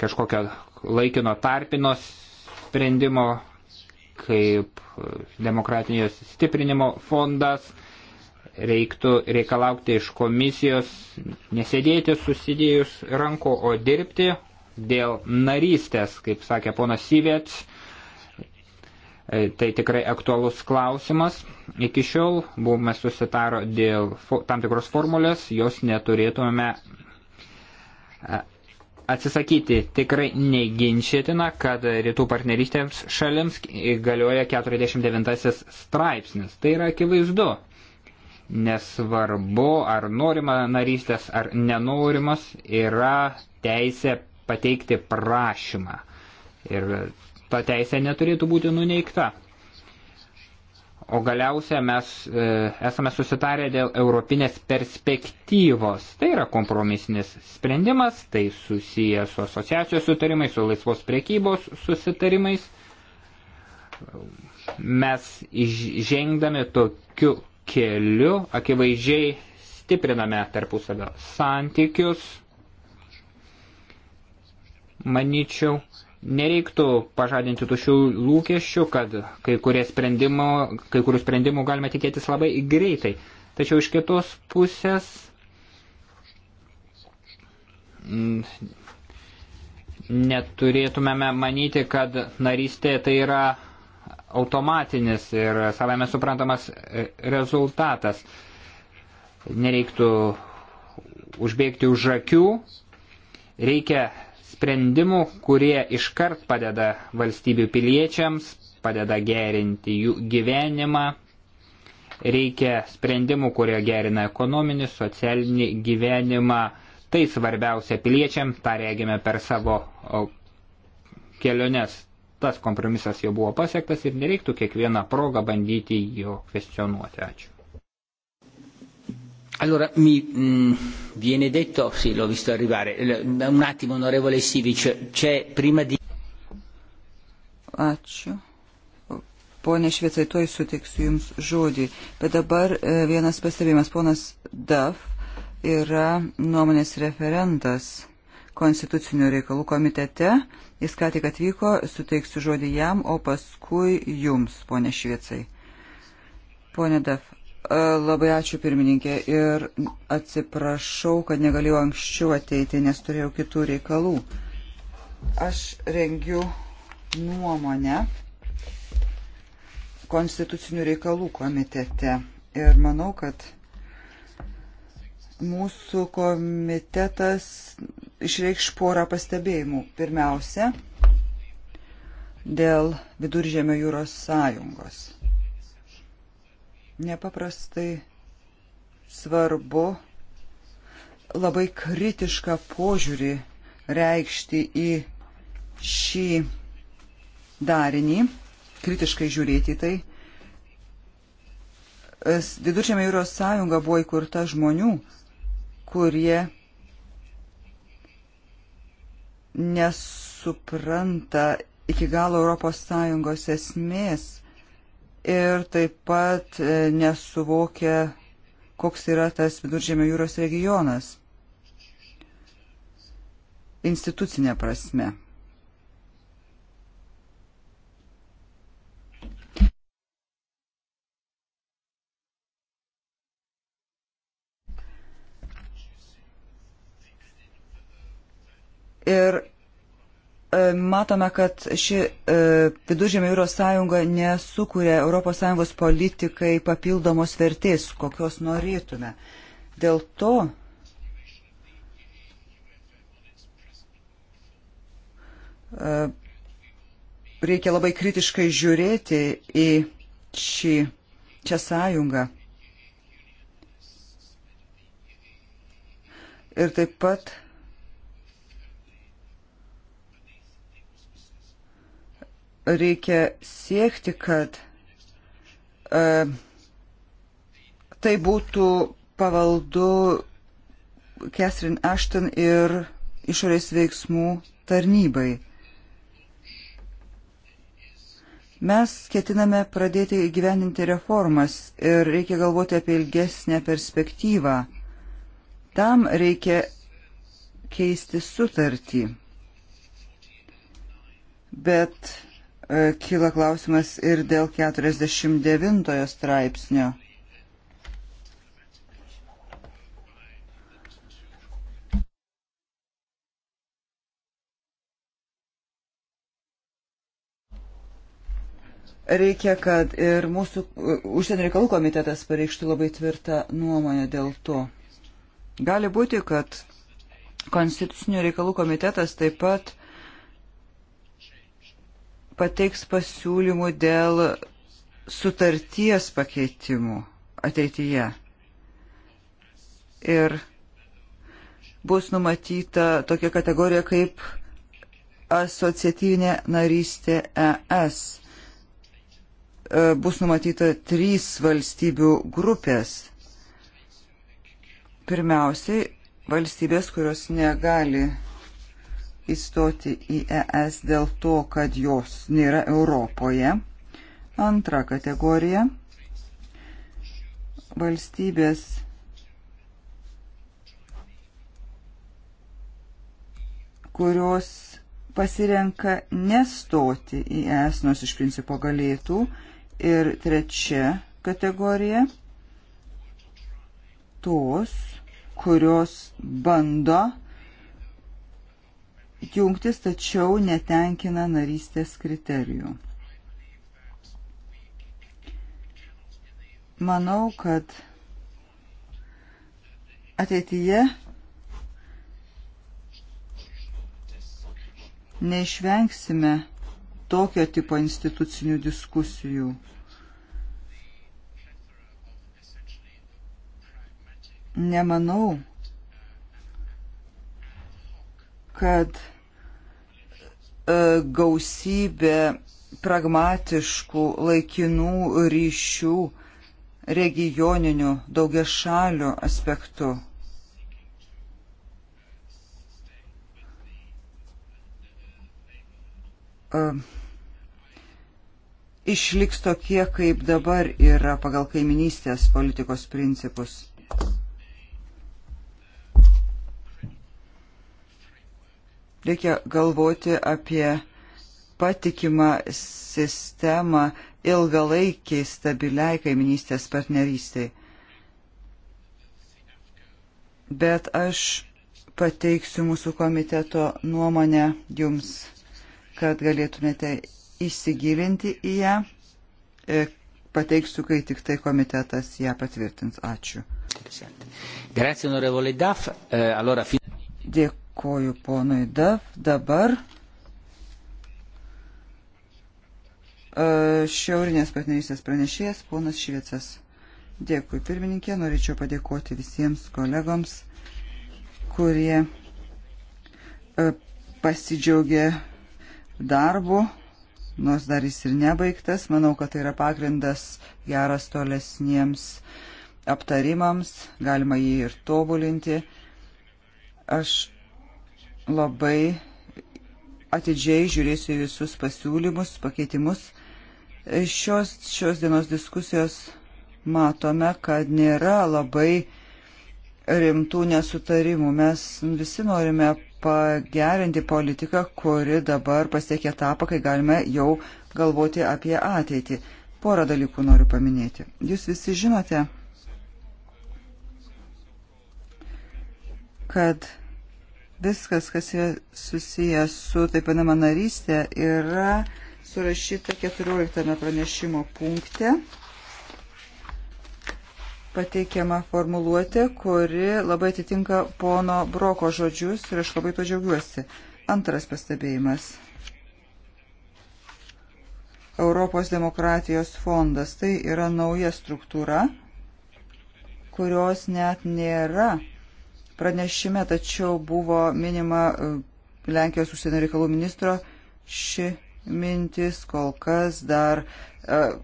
kažkokio laikino tarpino sprendimo, kaip demokratinės stiprinimo fondas, reiktų reikalaukti iš komisijos nesėdėti susidėjus rankų, o dirbti dėl narystės, kaip sakė ponas Syvėts. E, tai tikrai aktualus klausimas. Iki šiol buvome susitaro dėl tam tikros formulės, jos neturėtume e, atsisakyti. Tikrai neginčytina, kad rytų partnerystėms šalims galioja 49 straipsnis. Tai yra akivaizdu. Nesvarbu, ar norima narystės, ar nenorimas, yra teisė pateikti prašymą. Ir ta teisė neturėtų būti nuneikta. O galiausia mes e, esame susitarę dėl europinės perspektyvos. Tai yra kompromisinis sprendimas, tai susiję su asociacijos sutarimais, su laisvos priekybos susitarimais. Mes žengdami tokiu keliu akivaizdžiai stipriname tarpusavio santykius, manyčiau, Nereiktų pažadinti tušių lūkesčių, kad kai, kai kurių sprendimų galime tikėtis labai greitai. Tačiau iš kitos pusės mm, neturėtumėme manyti, kad narystė tai yra automatinis ir savame suprantamas rezultatas. Nereiktų užbėgti už akių, reikia sprendimų, kurie iškart padeda valstybių piliečiams, padeda gerinti jų gyvenimą. Reikia sprendimų, kurie gerina ekonominį, socialinį gyvenimą. Tai svarbiausia piliečiam, tą regime per savo keliones. Tas kompromisas jau buvo pasiektas ir nereiktų kiekvieną progą bandyti jo kvestionuoti. Ačiū. Allora, mi mh, mm, viene detto, sì, l'ho visto arrivare, un attimo, onorevole Sivic, c'è prima di... Ačiū. Pone Šviecai, tuoj suteiksiu Jums žodį. Bet dabar e, vienas pastebėjimas. Ponas Daf yra nuomonės referentas konstitucinių reikalų komitete. Jis ką tik atvyko, suteiksiu žodį jam, o paskui Jums, ponė Šviecai. Pone Daf, E, labai ačiū pirmininkė ir atsiprašau, kad negalėjau anksčiau ateiti, nes turėjau kitų reikalų. Aš rengiu nuomonę konstitucinių reikalų komitete. Ir manau, kad mūsų komitetas išreikš porą pastebėjimų. Pirmiausia, dėl Viduržėmio jūros sąjungos nepaprastai svarbu labai kritišką požiūrį reikšti į šį darinį, kritiškai žiūrėti į tai. Viduržėmė jūros sąjunga buvo įkurta žmonių, kurie nesupranta iki galo Europos sąjungos esmės ir taip pat e, nesuvokia, koks yra tas viduržėmio jūros regionas institucinė prasme. Ir E, matome, kad ši e, viduržėmio jūros sąjunga nesukuria ES politikai papildomos vertės, kokios norėtume. Dėl to e, reikia labai kritiškai žiūrėti į šį čia sąjungą. Ir taip pat reikia siekti, kad e, tai būtų pavaldu Catherine Ashton ir išorės veiksmų tarnybai. Mes ketiname pradėti įgyveninti reformas ir reikia galvoti apie ilgesnę perspektyvą. Tam reikia keisti sutartį. Bet E, kyla klausimas ir dėl 49 straipsnio. Reikia, kad ir mūsų e, užsienio reikalų komitetas pareikštų labai tvirtą nuomonę dėl to. Gali būti, kad Konstitucinio reikalų komitetas taip pat uh, pateiks pasiūlymų dėl sutarties pakeitimų ateityje. Ir bus numatyta tokia kategorija kaip asociatyvinė narystė ES. E, bus numatyta trys valstybių grupės. Pirmiausiai, valstybės, kurios negali įstoti į ES dėl to, kad jos nėra Europoje. Antra kategorija - valstybės kurios pasirenka nestoti į ES, nors iš principo galėtų. Ir trečia kategorija - tos, kurios bando jungtis, tačiau netenkina narystės kriterijų. Manau, kad ateityje neišvengsime tokio tipo institucinių diskusijų. Nemanau, kad e, gausybė pragmatiškų laikinų ryšių regioninių daugiašalių aspektų. E, išliks tokie, kaip dabar yra pagal kaiminystės politikos principus. Reikia galvoti apie patikimą sistemą ilgalaikiai stabiliai kaiminystės partnerystiai. Bet aš pateiksiu mūsų komiteto nuomonę jums, kad galėtumėte įsigilinti į ją. E, pateiksiu, kai tik tai komitetas ją patvirtins. Ačiū. E, Dėkui. Dėkoju ponui Dav. Dabar e, šiaurinės partnerystės pranešėjas ponas Šviecas. Dėkui pirmininkė, norėčiau padėkoti visiems kolegoms, kurie e, pasidžiaugė darbu, nors dar jis ir nebaigtas. Manau, kad tai yra pagrindas geras tolesniems aptarimams, galima jį ir tobulinti. Aš labai atidžiai žiūrėsiu visus pasiūlymus, pakeitimus. Šios, šios dienos diskusijos matome, kad nėra labai rimtų nesutarimų. Mes visi norime pagerinti politiką, kuri dabar pasiekė etapą, kai galime jau galvoti apie ateitį. Porą dalykų noriu paminėti. Jūs visi žinote, kad Viskas, kas yra susijęs su taip vadinama narystė, yra surašyta 14 pranešimo punkte. Pateikiama formuluotė, kuri labai atitinka pono Broko žodžius ir aš labai to džiaugiuosi. Antras pastebėjimas. Europos demokratijos fondas tai yra nauja struktūra, kurios net nėra pranešime, tačiau buvo minima e, Lenkijos užsienio reikalų ministro ši mintis, kol kas dar e,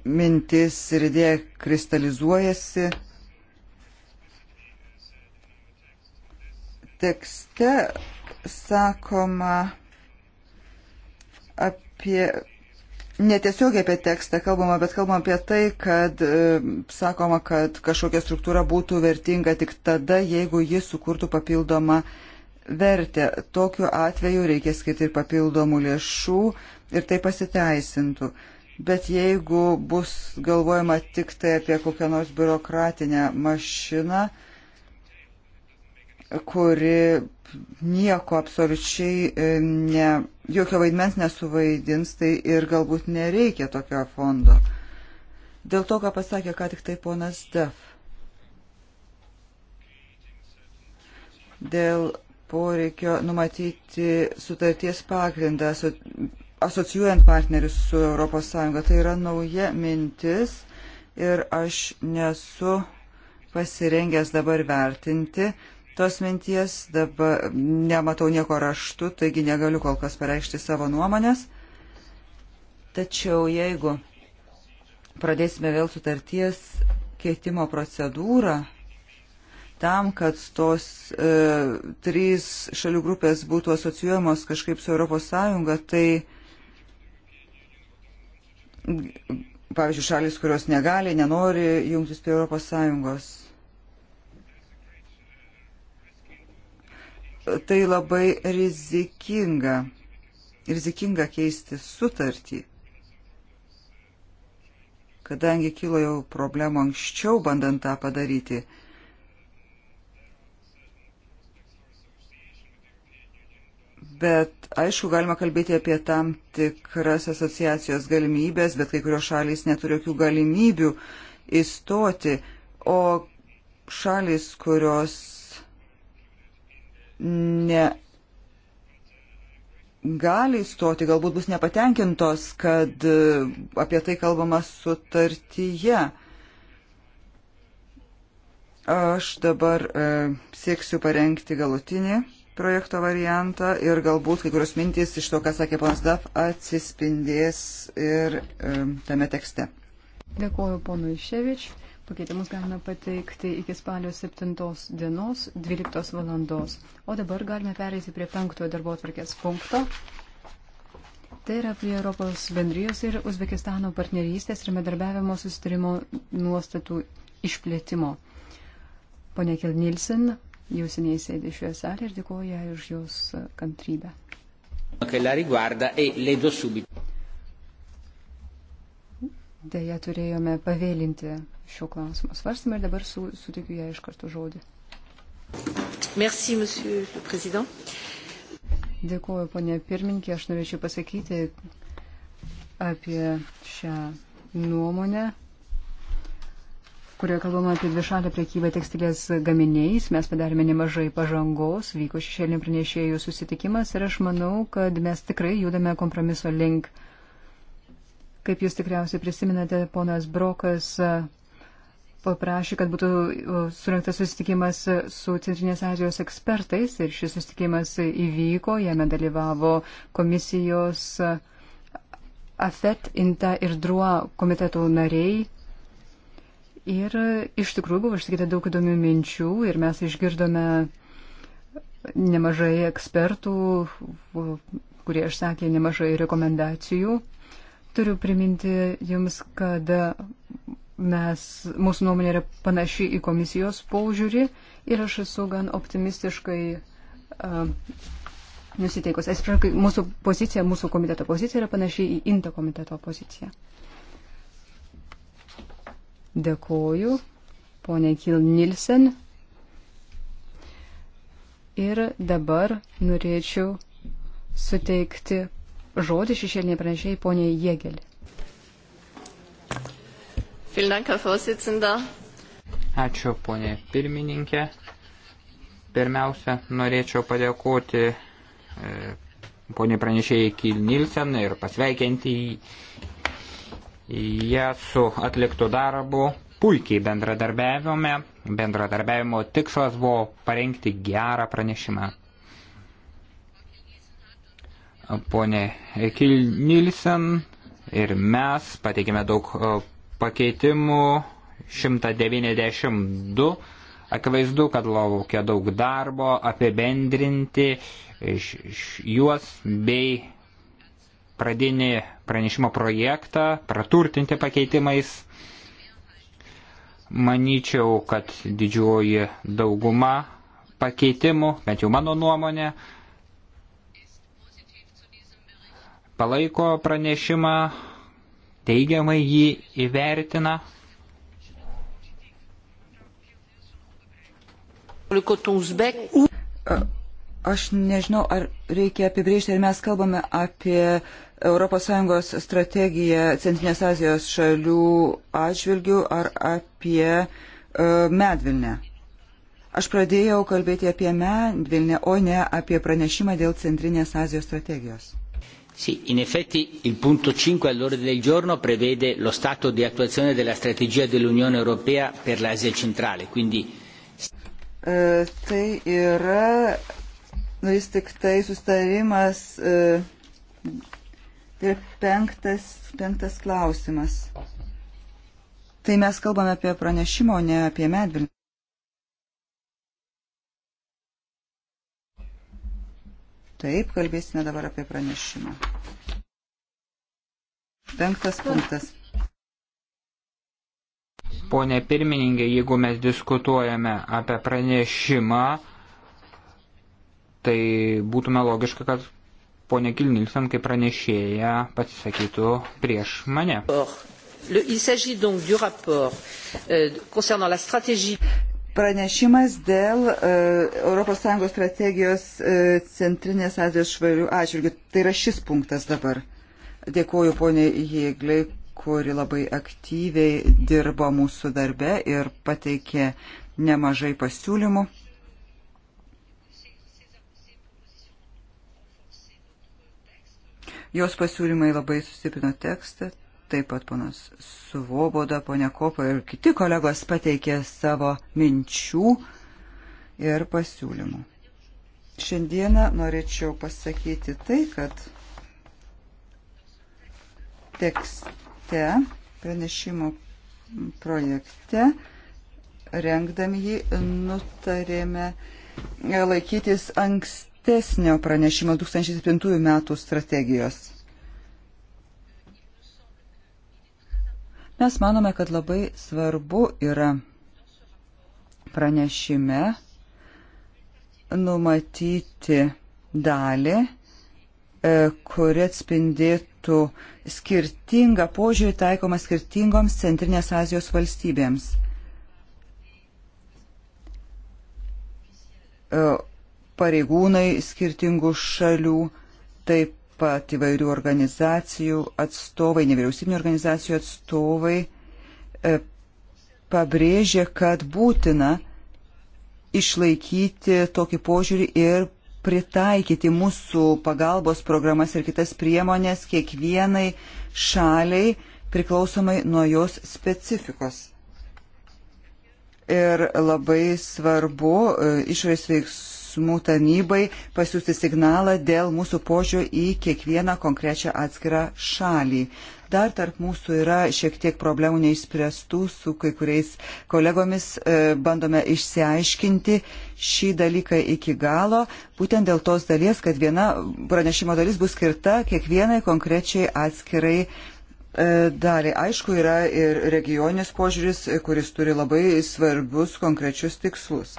mintis ir idėja kristalizuojasi. Tekste sakoma apie netiesiogiai apie tekstą kalbama, bet kalbama apie tai, kad e, sakoma, kad kažkokia struktūra būtų vertinga tik tada, jeigu ji sukurtų papildomą vertę. Tokiu atveju reikia skirti ir papildomų lėšų ir tai pasiteisintų. Bet jeigu bus galvojama tik tai apie kokią nors biurokratinę mašiną, e, kuri nieko absoliučiai, e, ne, jokio vaidmens nesuvaidins, tai ir galbūt nereikia tokio fondo. Dėl to, ką pasakė ką tik tai ponas Def. Dėl poreikio numatyti sutarties pagrindą asocijuojant partnerius su ES. Tai yra nauja mintis ir aš nesu pasirengęs dabar vertinti, tos minties, dabar nematau nieko raštu, taigi negaliu kol kas pareikšti savo nuomonės. Tačiau jeigu pradėsime vėl sutarties keitimo procedūrą, tam, kad tos e, trys šalių grupės būtų asocijuojamos kažkaip su ES, tai pavyzdžiui, šalis, kurios negali, nenori jungtis prie ES tai labai rizikinga. Rizikinga keisti sutartį. Kadangi kilo jau problemų anksčiau bandant tą padaryti, bet aišku, galima kalbėti apie tam tikras asociacijos galimybės, bet kai kurios šalys neturi jokių galimybių įstoti, o šalis, kurios ne gali įstoti, galbūt bus nepatenkintos, kad e, apie tai kalbama sutartyje. Aš dabar e, sieksiu parengti galutinį projekto variantą ir galbūt kai kurios mintys iš to, ką sakė ponas Daf, atsispindės ir e, tame tekste. Dėkuoju ponui Ševičiui. Pakeitimus galime pateikti iki spalio 7 dienos 12 valandos. O dabar galime pereiti prie penktojo darbo atvarkės punkto. Tai yra prie Europos bendrijos ir Uzbekistano partnerystės ir medarbiavimo susitarimo nuostatų išplėtimo. Pone Kilnilsen, jau seniai sėdė šioje salėje ir dėkoju jai už jos kantrybę. E Deja, turėjome pavėlinti šio klausimo svarstymą ir dabar su, sutikiu ją iš karto žodį. Merci, monsieur le président. Dėkuoju, ponė pirminkė, aš norėčiau pasakyti apie šią nuomonę kurioje kalbama apie dvišalę priekybą tekstilės gaminiais. Mes padarėme nemažai pažangos, vyko šešėlinių pranešėjų susitikimas ir aš manau, kad mes tikrai judame kompromiso link. Kaip jūs tikriausiai prisiminate, ponas Brokas paprašė, kad būtų surinktas susitikimas su Centrinės Azijos ekspertais ir šis susitikimas įvyko, jame dalyvavo komisijos AFET, INTA ir DRUA komitetų nariai. Ir e, iš tikrųjų buvo išsakyta daug įdomių minčių ir mes išgirdome nemažai ekspertų, kurie išsakė nemažai rekomendacijų. Turiu priminti Jums, kad mes, mūsų nuomonė yra panaši į komisijos paužiūrį ir aš esu gan optimistiškai uh, nusiteikus. Atsiprašau, mūsų pozicija, mūsų komiteto pozicija yra panaši į INTA komiteto poziciją. Dėkoju, ponė Kil Nilsen. Ir dabar norėčiau suteikti žodį šešėlinė pranešėjai poniai Jėgelį. Ačiū, ponė pirmininkė. Pirmiausia, norėčiau padėkoti e, ponė pranešėjai Kyl Nilsen ir pasveikinti ją su atliktu darbu. Puikiai bendradarbiavome. Bendradarbiavimo tikslas buvo parengti gerą pranešimą. Pone Kyl Nilsen ir mes pateikėme daug e, pakeitimų 192. Akivaizdu, kad laukia daug darbo apibendrinti juos bei pradinį pranešimo projektą, praturtinti pakeitimais. Manyčiau, kad didžioji dauguma pakeitimų, bent jau mano nuomonė, palaiko pranešimą teigiamai jį įvertina. Aš nežinau, ar reikia apibrėžti, ar mes kalbame apie ES strategiją Centrinės Azijos šalių atžvilgių ar apie e, medvilnę. Aš pradėjau kalbėti apie medvilnę, o ne apie pranešimą dėl Centrinės Azijos strategijos. Sì, in effetti il punto 5 all'ordine del giorno prevede lo stato di attuazione della strategia dell'Unione Europea per l'Asia centrale, quindi... E, tai yra vis tik tai sustarimas e, ir penktas, penktas klausimas. Tai mes kalbame apie pranešimą, o ne apie medvilnį. Taip, kalbėsime dabar apie pranešimą. Penktas punktas. Pone pirmininkė, jeigu mes diskutuojame apie pranešimą, tai būtume logiška, kad ponė Kilnilsen kaip pranešėja pasisakytų prieš mane. Il s'agit donc du rapport euh, concernant la stratégie. Pranešimas dėl ES strategijos e, Centrinės Azijos švarių atžvilgių. Tai yra šis punktas dabar. Dėkuoju poniai Jėgliai, kuri labai aktyviai dirbo mūsų darbe ir pateikė nemažai pasiūlymų. Jos pasiūlymai labai sustiprino tekstą, Taip pat ponas Suvoboda, ponia Kopa ir kiti kolegos pateikė savo minčių ir pasiūlymų. Šiandieną norėčiau pasakyti tai, kad tekste, pranešimo projekte, rengdami jį, nutarėme laikytis ankstesnio pranešimo 2007 metų strategijos. Mes manome, kad labai svarbu yra pranešime numatyti dalį, e, kuri atspindėtų skirtingą požiūrį taikomą skirtingoms Centrinės Azijos valstybėms. E, pareigūnai skirtingų šalių, taip pat įvairių organizacijų atstovai, nevyriausybinio organizacijų atstovai e, pabrėžė, kad būtina išlaikyti tokį požiūrį ir pritaikyti mūsų pagalbos programas ir kitas priemonės kiekvienai šaliai priklausomai nuo jos specifikos. Ir labai svarbu e, išorės veiksmų veiksmų tarnybai pasiūsti signalą dėl mūsų požiūrio į kiekvieną konkrečią atskirą šalį. Dar tarp mūsų yra šiek tiek problemų neišspręstų su kai kuriais kolegomis, e, bandome išsiaiškinti šį dalyką iki galo, būtent dėl tos dalies, kad viena pranešimo dalis bus skirta kiekvienai konkrečiai atskirai E, dalį. Aišku, yra ir regioninis požiūris, e, kuris turi labai svarbius konkrečius tikslus.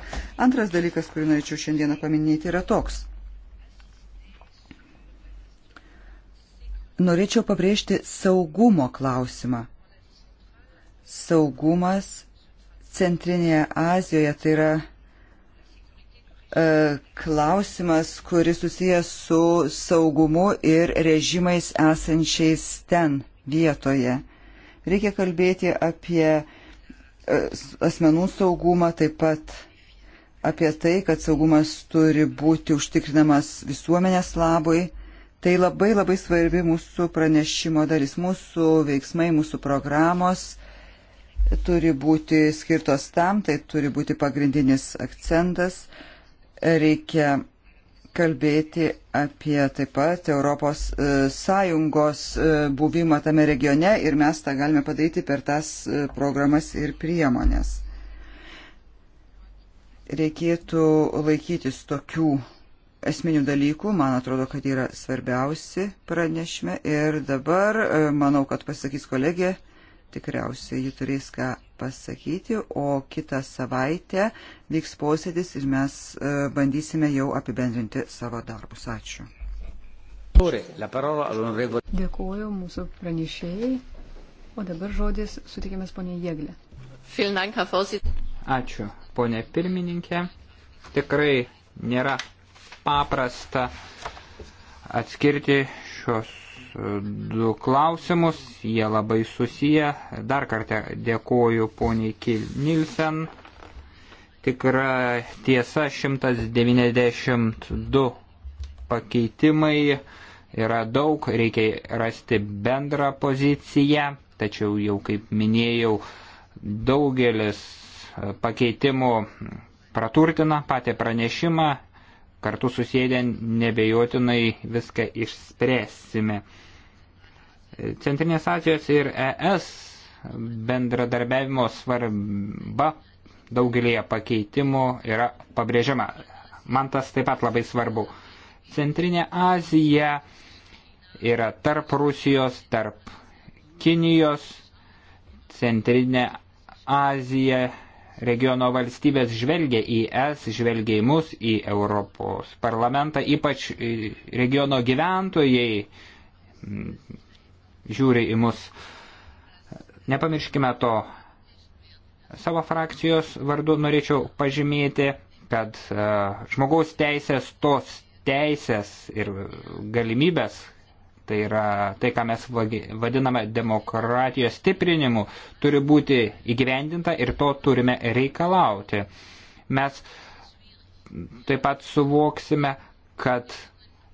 Antras dalykas, kurį norėčiau šiandieną paminėti, yra toks. Norėčiau pabrėžti saugumo klausimą. Saugumas Centrinėje Azijoje tai yra e, klausimas, kuris susijęs su saugumu ir režimais esančiais ten vietoje. Reikia kalbėti apie e, asmenų saugumą, taip pat apie tai, kad saugumas turi būti užtikrinamas visuomenės labui. Tai labai labai svarbi mūsų pranešimo dalis, mūsų veiksmai, mūsų programos turi būti skirtos tam, tai turi būti pagrindinis akcentas. Reikia kalbėti apie taip pat Europos e, Sąjungos e, buvimą tame regione ir mes tą galime padaryti per tas e, programas ir priemonės. Reikėtų laikytis tokių esminių dalykų, man atrodo, kad yra svarbiausi pranešime ir dabar manau, kad pasakys kolegė, tikriausiai ji turės ką pasakyti, o kitą savaitę vyks posėdis ir mes e, bandysime jau apibendrinti savo darbus. Ačiū. Dėkuoju mūsų pranešėjai, o dabar žodis sutikėmės ponė Jėglė. Ačiū, ponė pirmininkė. Tikrai nėra paprasta atskirti šios du klausimus, jie labai susiję. Dar kartą dėkoju poniai Kil Nilsen. Tikra tiesa 192 pakeitimai yra daug, reikia rasti bendrą poziciją, tačiau jau kaip minėjau, daugelis pakeitimų praturtina patį pranešimą kartu susėdę nebejotinai viską išspręsime. Centrinės Azijos ir ES bendradarbiavimo svarba daugelėje pakeitimų yra pabrėžiama. Man tas taip pat labai svarbu. Centrinė Azija yra tarp Rusijos, tarp Kinijos. Centrinė Azija Regiono valstybės žvelgia į es, žvelgia į mus, į Europos parlamentą, ypač e, regiono gyventojai mm, žiūri į mus. Nepamirškime to. Savo frakcijos vardu norėčiau pažymėti, kad e, žmogaus teisės tos teisės ir galimybės, tai yra tai, ką mes vadiname demokratijos stiprinimu, turi būti įgyvendinta ir to turime reikalauti. Mes taip pat suvoksime, kad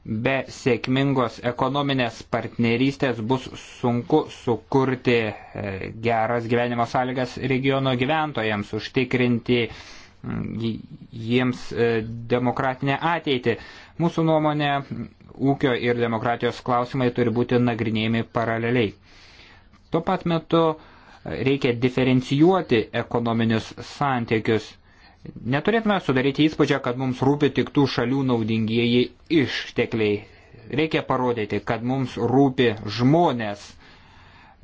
be sėkmingos ekonominės partnerystės bus sunku sukurti e, geras gyvenimo sąlygas regiono gyventojams, užtikrinti mm, jiems e, demokratinę ateitį. Mūsų nuomonė ūkio ir demokratijos klausimai turi būti nagrinėjami paraleliai. Tuo pat metu reikia diferencijuoti ekonominius santykius. Neturėtume sudaryti įspūdžio, kad mums rūpi tik tų šalių naudingieji ištekliai. Reikia parodyti, kad mums rūpi žmonės.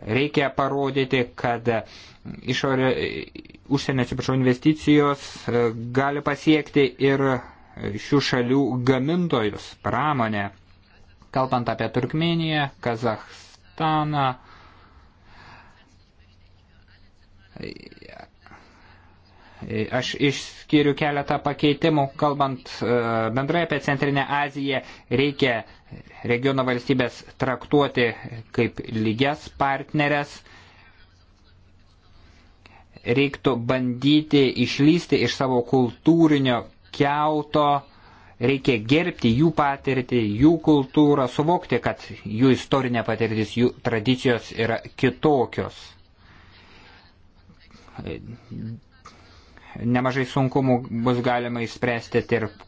Reikia parodyti, kad išorė, užsienio atsiprašau investicijos e, gali pasiekti ir šių šalių gamintojus, pramonę kalbant apie Turkmeniją, Kazahstaną. Aš išskiriu keletą pakeitimų, kalbant e, bendrai apie Centrinę Aziją, reikia regiono valstybės traktuoti kaip lygias partnerės reiktų bandyti išlysti iš savo kultūrinio keuto, Reikia gerbti jų patirtį, jų kultūrą, suvokti, kad jų istorinė patirtis, jų tradicijos yra kitokios. Nemažai sunkumų bus galima išspręsti tarp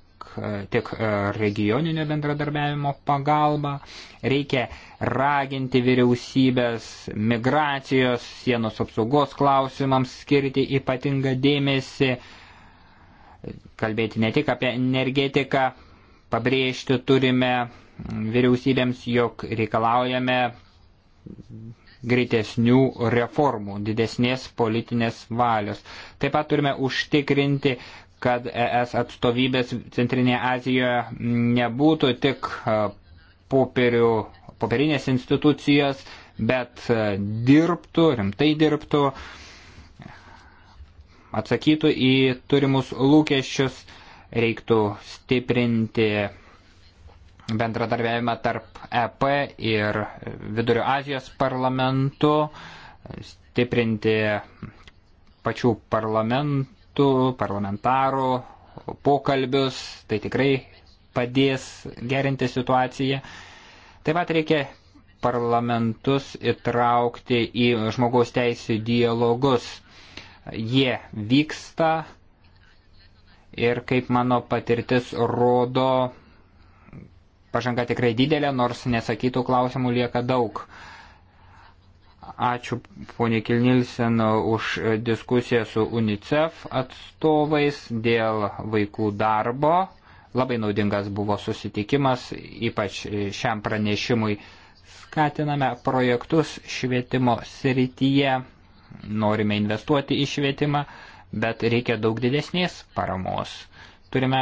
tik regioninio bendradarbiavimo pagalba, reikia raginti vyriausybės migracijos, sienos apsaugos klausimams skirti ypatingą dėmesį, kalbėti ne tik apie energetiką, pabrėžti turime vyriausybėms, jog reikalaujame greitesnių reformų, didesnės politinės valios. Taip pat turime užtikrinti, kad ES atstovybės Centrinėje Azijoje nebūtų tik e, popierių, popierinės institucijos, bet e, dirbtų, rimtai dirbtų, uh, atsakytų į turimus lūkesčius, reiktų stiprinti bendradarbiavimą tarp EP ir Vidurio Azijos parlamentų, stiprinti pačių parlamentų, parlamentarų pokalbius, tai tikrai padės gerinti situaciją. Taip pat reikia parlamentus įtraukti į žmogaus teisų dialogus. Jie vyksta ir kaip mano patirtis rodo, pažanga tikrai didelė, nors nesakytų klausimų lieka daug. Ačiū ponė Kilnilsen už diskusiją su UNICEF atstovais dėl vaikų darbo. Labai naudingas buvo susitikimas, ypač šiam pranešimui skatiname projektus švietimo srityje norime investuoti į švietimą, bet reikia daug didesnės paramos. Turime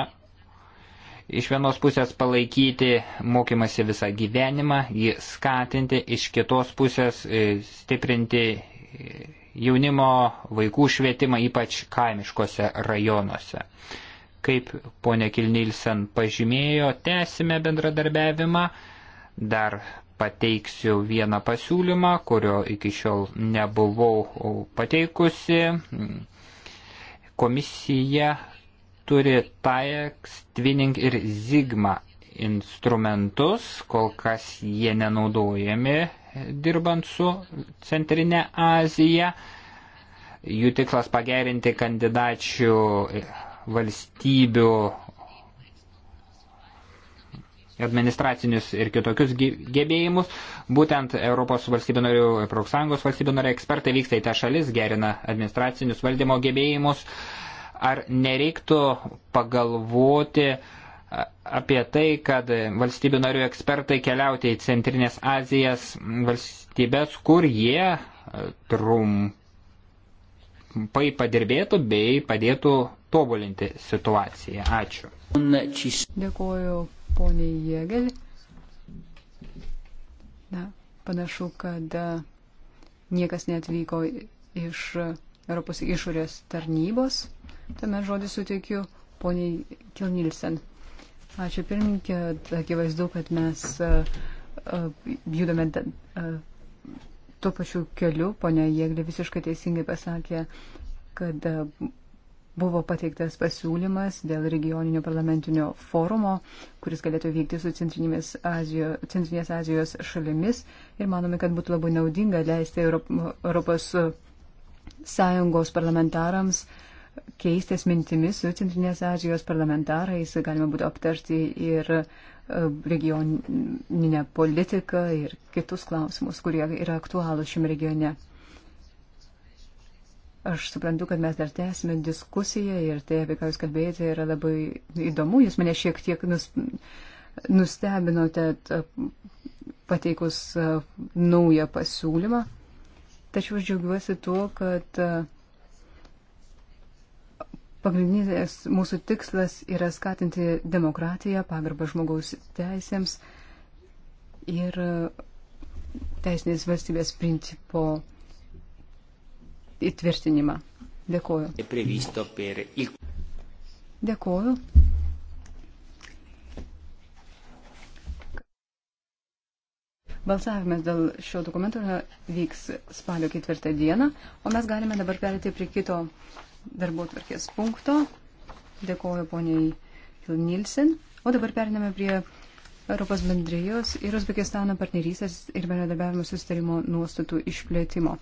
iš vienos pusės palaikyti mokymasi visą gyvenimą, jį skatinti, iš kitos pusės e, stiprinti jaunimo vaikų švietimą, ypač kaimiškose rajonuose. Kaip ponė Kilnilsen pažymėjo, tęsime bendradarbiavimą, dar pateiksiu vieną pasiūlymą, kurio iki šiol nebuvau pateikusi. Komisija turi TAEX, Twinning ir Sigma instrumentus, kol kas jie nenaudojami dirbant su Centrinė Azija. Jų tikslas pagerinti kandidačių valstybių administracinius ir kitokius gebėjimus. Būtent Europos valstybė narių, profsąjungos valstybė narių ekspertai vyksta į tą šalis, gerina administracinius valdymo gebėjimus. Ar nereiktų pagalvoti apie tai, kad valstybių narių ekspertai keliauti į Centrinės Azijas valstybės, kur jie trumpai padirbėtų bei padėtų tobulinti situaciją. Ačiū. Dėkuoju poniai Jėgel. Na, panašu, kad e, niekas netvyko iš Europos išorės tarnybos. Tuomet žodį suteikiu poniai Kilnilsen. Ačiū pirmininkė, akivaizdu, kad mes e, e, judame tuo pačiu keliu. Ponia Jėglė visiškai teisingai pasakė, kad buvo pateiktas pasiūlymas dėl regioninio parlamentinio forumo, kuris galėtų vykti su Centrinės Azijos, Centrinės Azijos šalimis ir manome, kad būtų labai naudinga leisti Europos Sąjungos parlamentarams keistis mintimis su Centrinės Azijos parlamentarais, galima būtų aptarti ir e, regioninę politiką ir kitus klausimus, kurie yra aktualūs šiame regione. Aš suprantu, kad mes dar tęsime diskusiją ir tai, apie ką Jūs kalbėjote, yra labai įdomu. Jūs mane šiek tiek nus, nustebinote pateikus naują pasiūlymą. Tačiau aš džiaugiuosi tuo, kad pagrindinis mūsų tikslas yra skatinti demokratiją, pagarbą žmogaus teisėms ir teisinės valstybės principo įtvirtinimą. Dėkuoju. Dėkuoju. Balsavimas dėl šio dokumento vyks spalio ketvirtą dieną, o mes galime dabar perėti prie kito darbo tvarkės punkto. Dėkoju poniai Nilsen. O dabar periname prie Europos bendrijos ir Uzbekistano partnerystės ir bendradarbiavimo sustarimo nuostatų išplėtimo.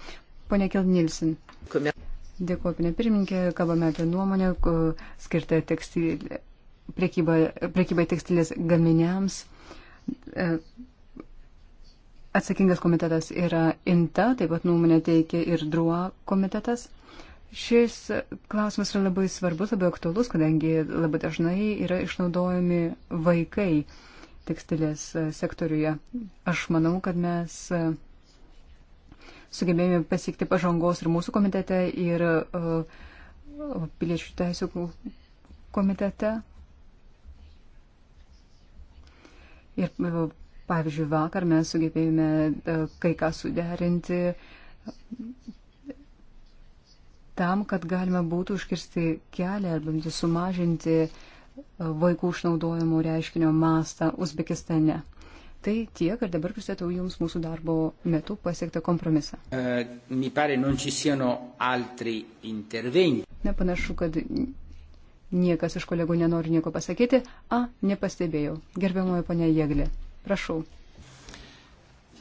Pone Kelnilsin. Dėkuoju, pinė pirmininkė, kalbame apie nuomonę skirtą tekstilį, priekybą, priekybai tekstilės gaminiams. E, atsakingas komitetas yra INTA, taip pat nuomonę teikia ir DRUA komitetas. Šis klausimas yra labai svarbus, labai aktualus, kadangi labai dažnai yra išnaudojami vaikai tekstilės e, sektoriuje. Aš manau, kad mes e, sugebėjome pasiekti pažangos ir mūsų komitete, ir uh, piliečių teisų komitete. Ir uh, pavyzdžiui, vakar mes sugebėjome uh, kai ką suderinti tam, kad galima būtų užkirsti kelią arba sumažinti uh, vaikų išnaudojimų reiškinio mastą Uzbekistane. Tai tiek ir dabar pristatau Jums mūsų darbo metu pasiektą kompromisą. Eh, Nepanašu, kad niekas iš kolegų nenori nieko pasakyti. A, nepastebėjau. Gerbiamoji ponia Jėglė, prašau.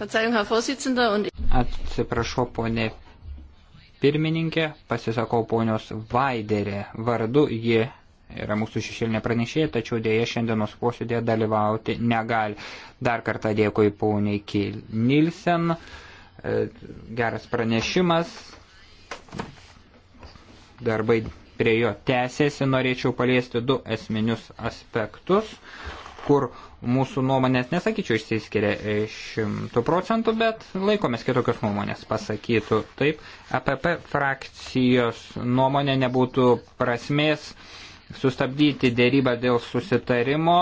Atsiprašau, ponė pirmininkė, pasisakau ponios Vaiderė vardu, ji yra mūsų šešėlinė pranešėja, tačiau dėja šiandienos posėdėje dalyvauti negali. Dar kartą dėkui poniai Kil Nilsen. E, geras pranešimas. Darbai prie jo tęsėsi. Norėčiau paliesti du esminius aspektus, kur mūsų nuomonės, nesakyčiau, išsiskiria e, šimtų procentų, bet laikomės kitokios nuomonės, pasakytų taip. APP e frakcijos nuomonė nebūtų prasmės uh, sustabdyti dėrybą dėl susitarimo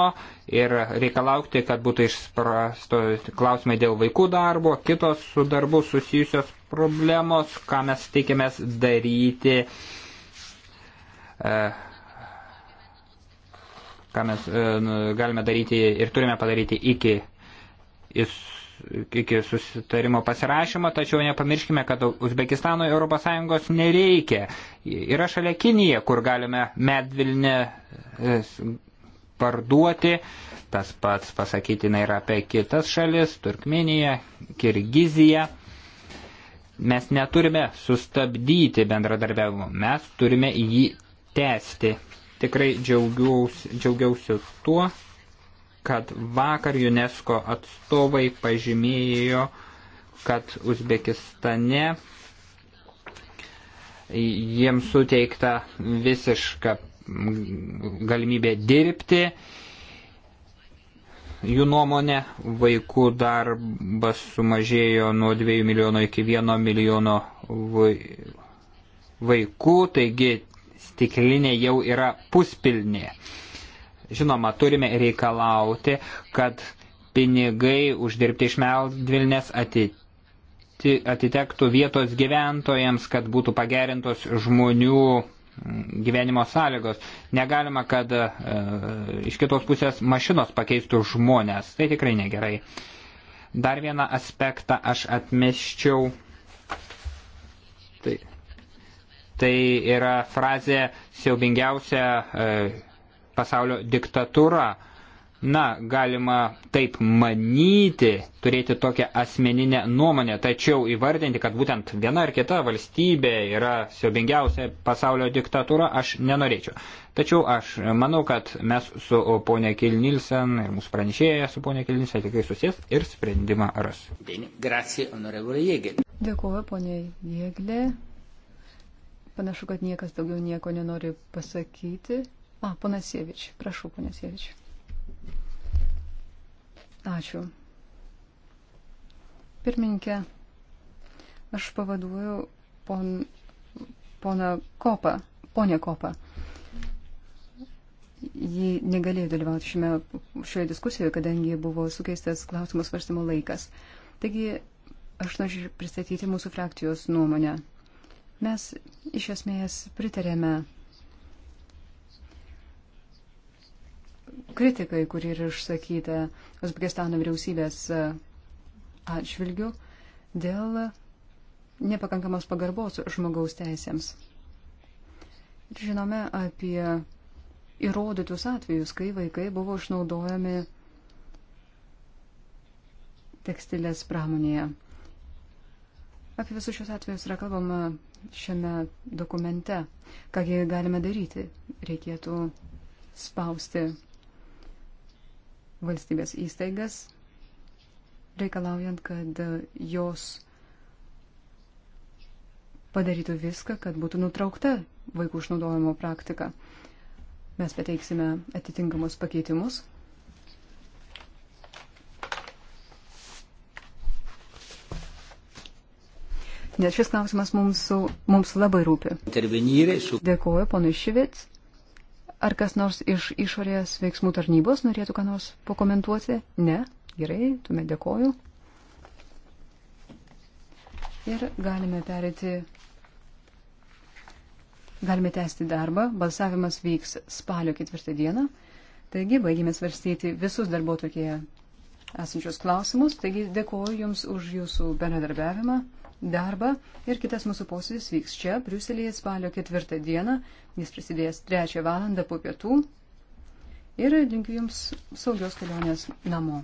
ir reikalaukti, kad būtų išsprasto klausimai dėl vaikų darbo, kitos su darbu susijusios problemos, ką mes tikimės daryti, e, ką mes e, galime daryti ir turime padaryti iki iki susitarimo pasirašymo, tačiau nepamirškime, kad Uzbekistano ES nereikia. Yra šalia Kinija, kur galime medvilnę e, parduoti, tas pats pasakytina yra apie kitas šalis, Turkmeniją, Kirgiziją. Mes neturime sustabdyti bendradarbiavimo, mes turime jį tęsti. Tikrai džiaugiausi, džiaugiausi tuo, kad vakar UNESCO atstovai pažymėjo, kad Uzbekistane jiems suteikta visiška galimybė dirbti. Jų nuomonė, vaikų darbas sumažėjo nuo 2 milijono iki 1 milijono vaikų, taigi stiklinė jau yra puspilnė. Žinoma, turime reikalauti, kad pinigai uždirbti iš meldvilnės atitektų vietos gyventojams, kad būtų pagerintos žmonių gyvenimo sąlygos. Negalima, kad e, iš kitos pusės mašinos pakeistų žmonės. Tai tikrai negerai. Dar vieną aspektą aš atmeščiau. Tai, tai yra frazė siaubingiausia e, pasaulio diktatūra. Na, galima taip manyti, turėti tokią asmeninę nuomonę, tačiau įvardinti, kad būtent viena ar kita valstybė yra siaubingiausia pasaulio diktatūra, aš nenorėčiau. Tačiau aš manau, kad mes su ponė Kilnilsen ir mūsų pranešėja su ponė Kilnilsen tikrai susės ir sprendimą ras. Dėkuoju, ponė Jėglė. Panašu, kad niekas daugiau nieko nenori pasakyti. A, ponas Sievič, prašau, ponas Sievič. Ačiū. Pirminkė, aš pavaduoju pon, poną Kopą, ponę Kopą. Ji negalėjo dalyvauti šiame, šioje diskusijoje, kadangi buvo sukeistas klausimų svarstymo laikas. Taigi, aš noriu pristatyti mūsų frakcijos nuomonę. Mes iš esmės pritarėme kritikai, kuri yra išsakyta Uzbekistano vyriausybės e, atšvilgių dėl nepakankamos pagarbos žmogaus teisėms. Ir žinome apie įrodytus atvejus, kai vaikai buvo išnaudojami tekstilės pramonėje. Apie visus šios atvejus yra kalbama šiame dokumente. Kągi galime daryti? Reikėtų spausti valstybės įstaigas, reikalaujant, kad jos padarytų viską, kad būtų nutraukta vaikų išnaudojimo praktika. Mes pateiksime atitinkamus pakeitimus. Nes šis klausimas mums, mums labai rūpi. Dėkuoju, ponui Šivits. Ar kas nors iš išorės veiksmų tarnybos norėtų ką nors pakomentuoti? Ne? Gerai, tuomet dėkoju. Ir galime perėti. Galime tęsti darbą. Balsavimas vyks spalio ketvirtą dieną. Taigi, baigėme svarstyti visus darbo tokie esančius klausimus. Taigi, dėkoju Jums už Jūsų bendradarbiavimą darbą ir kitas mūsų posėdis vyks čia, Briuselėje, spalio ketvirtą dieną. Jis prasidės trečią valandą po pietų. Ir linkiu Jums saugios kelionės namo.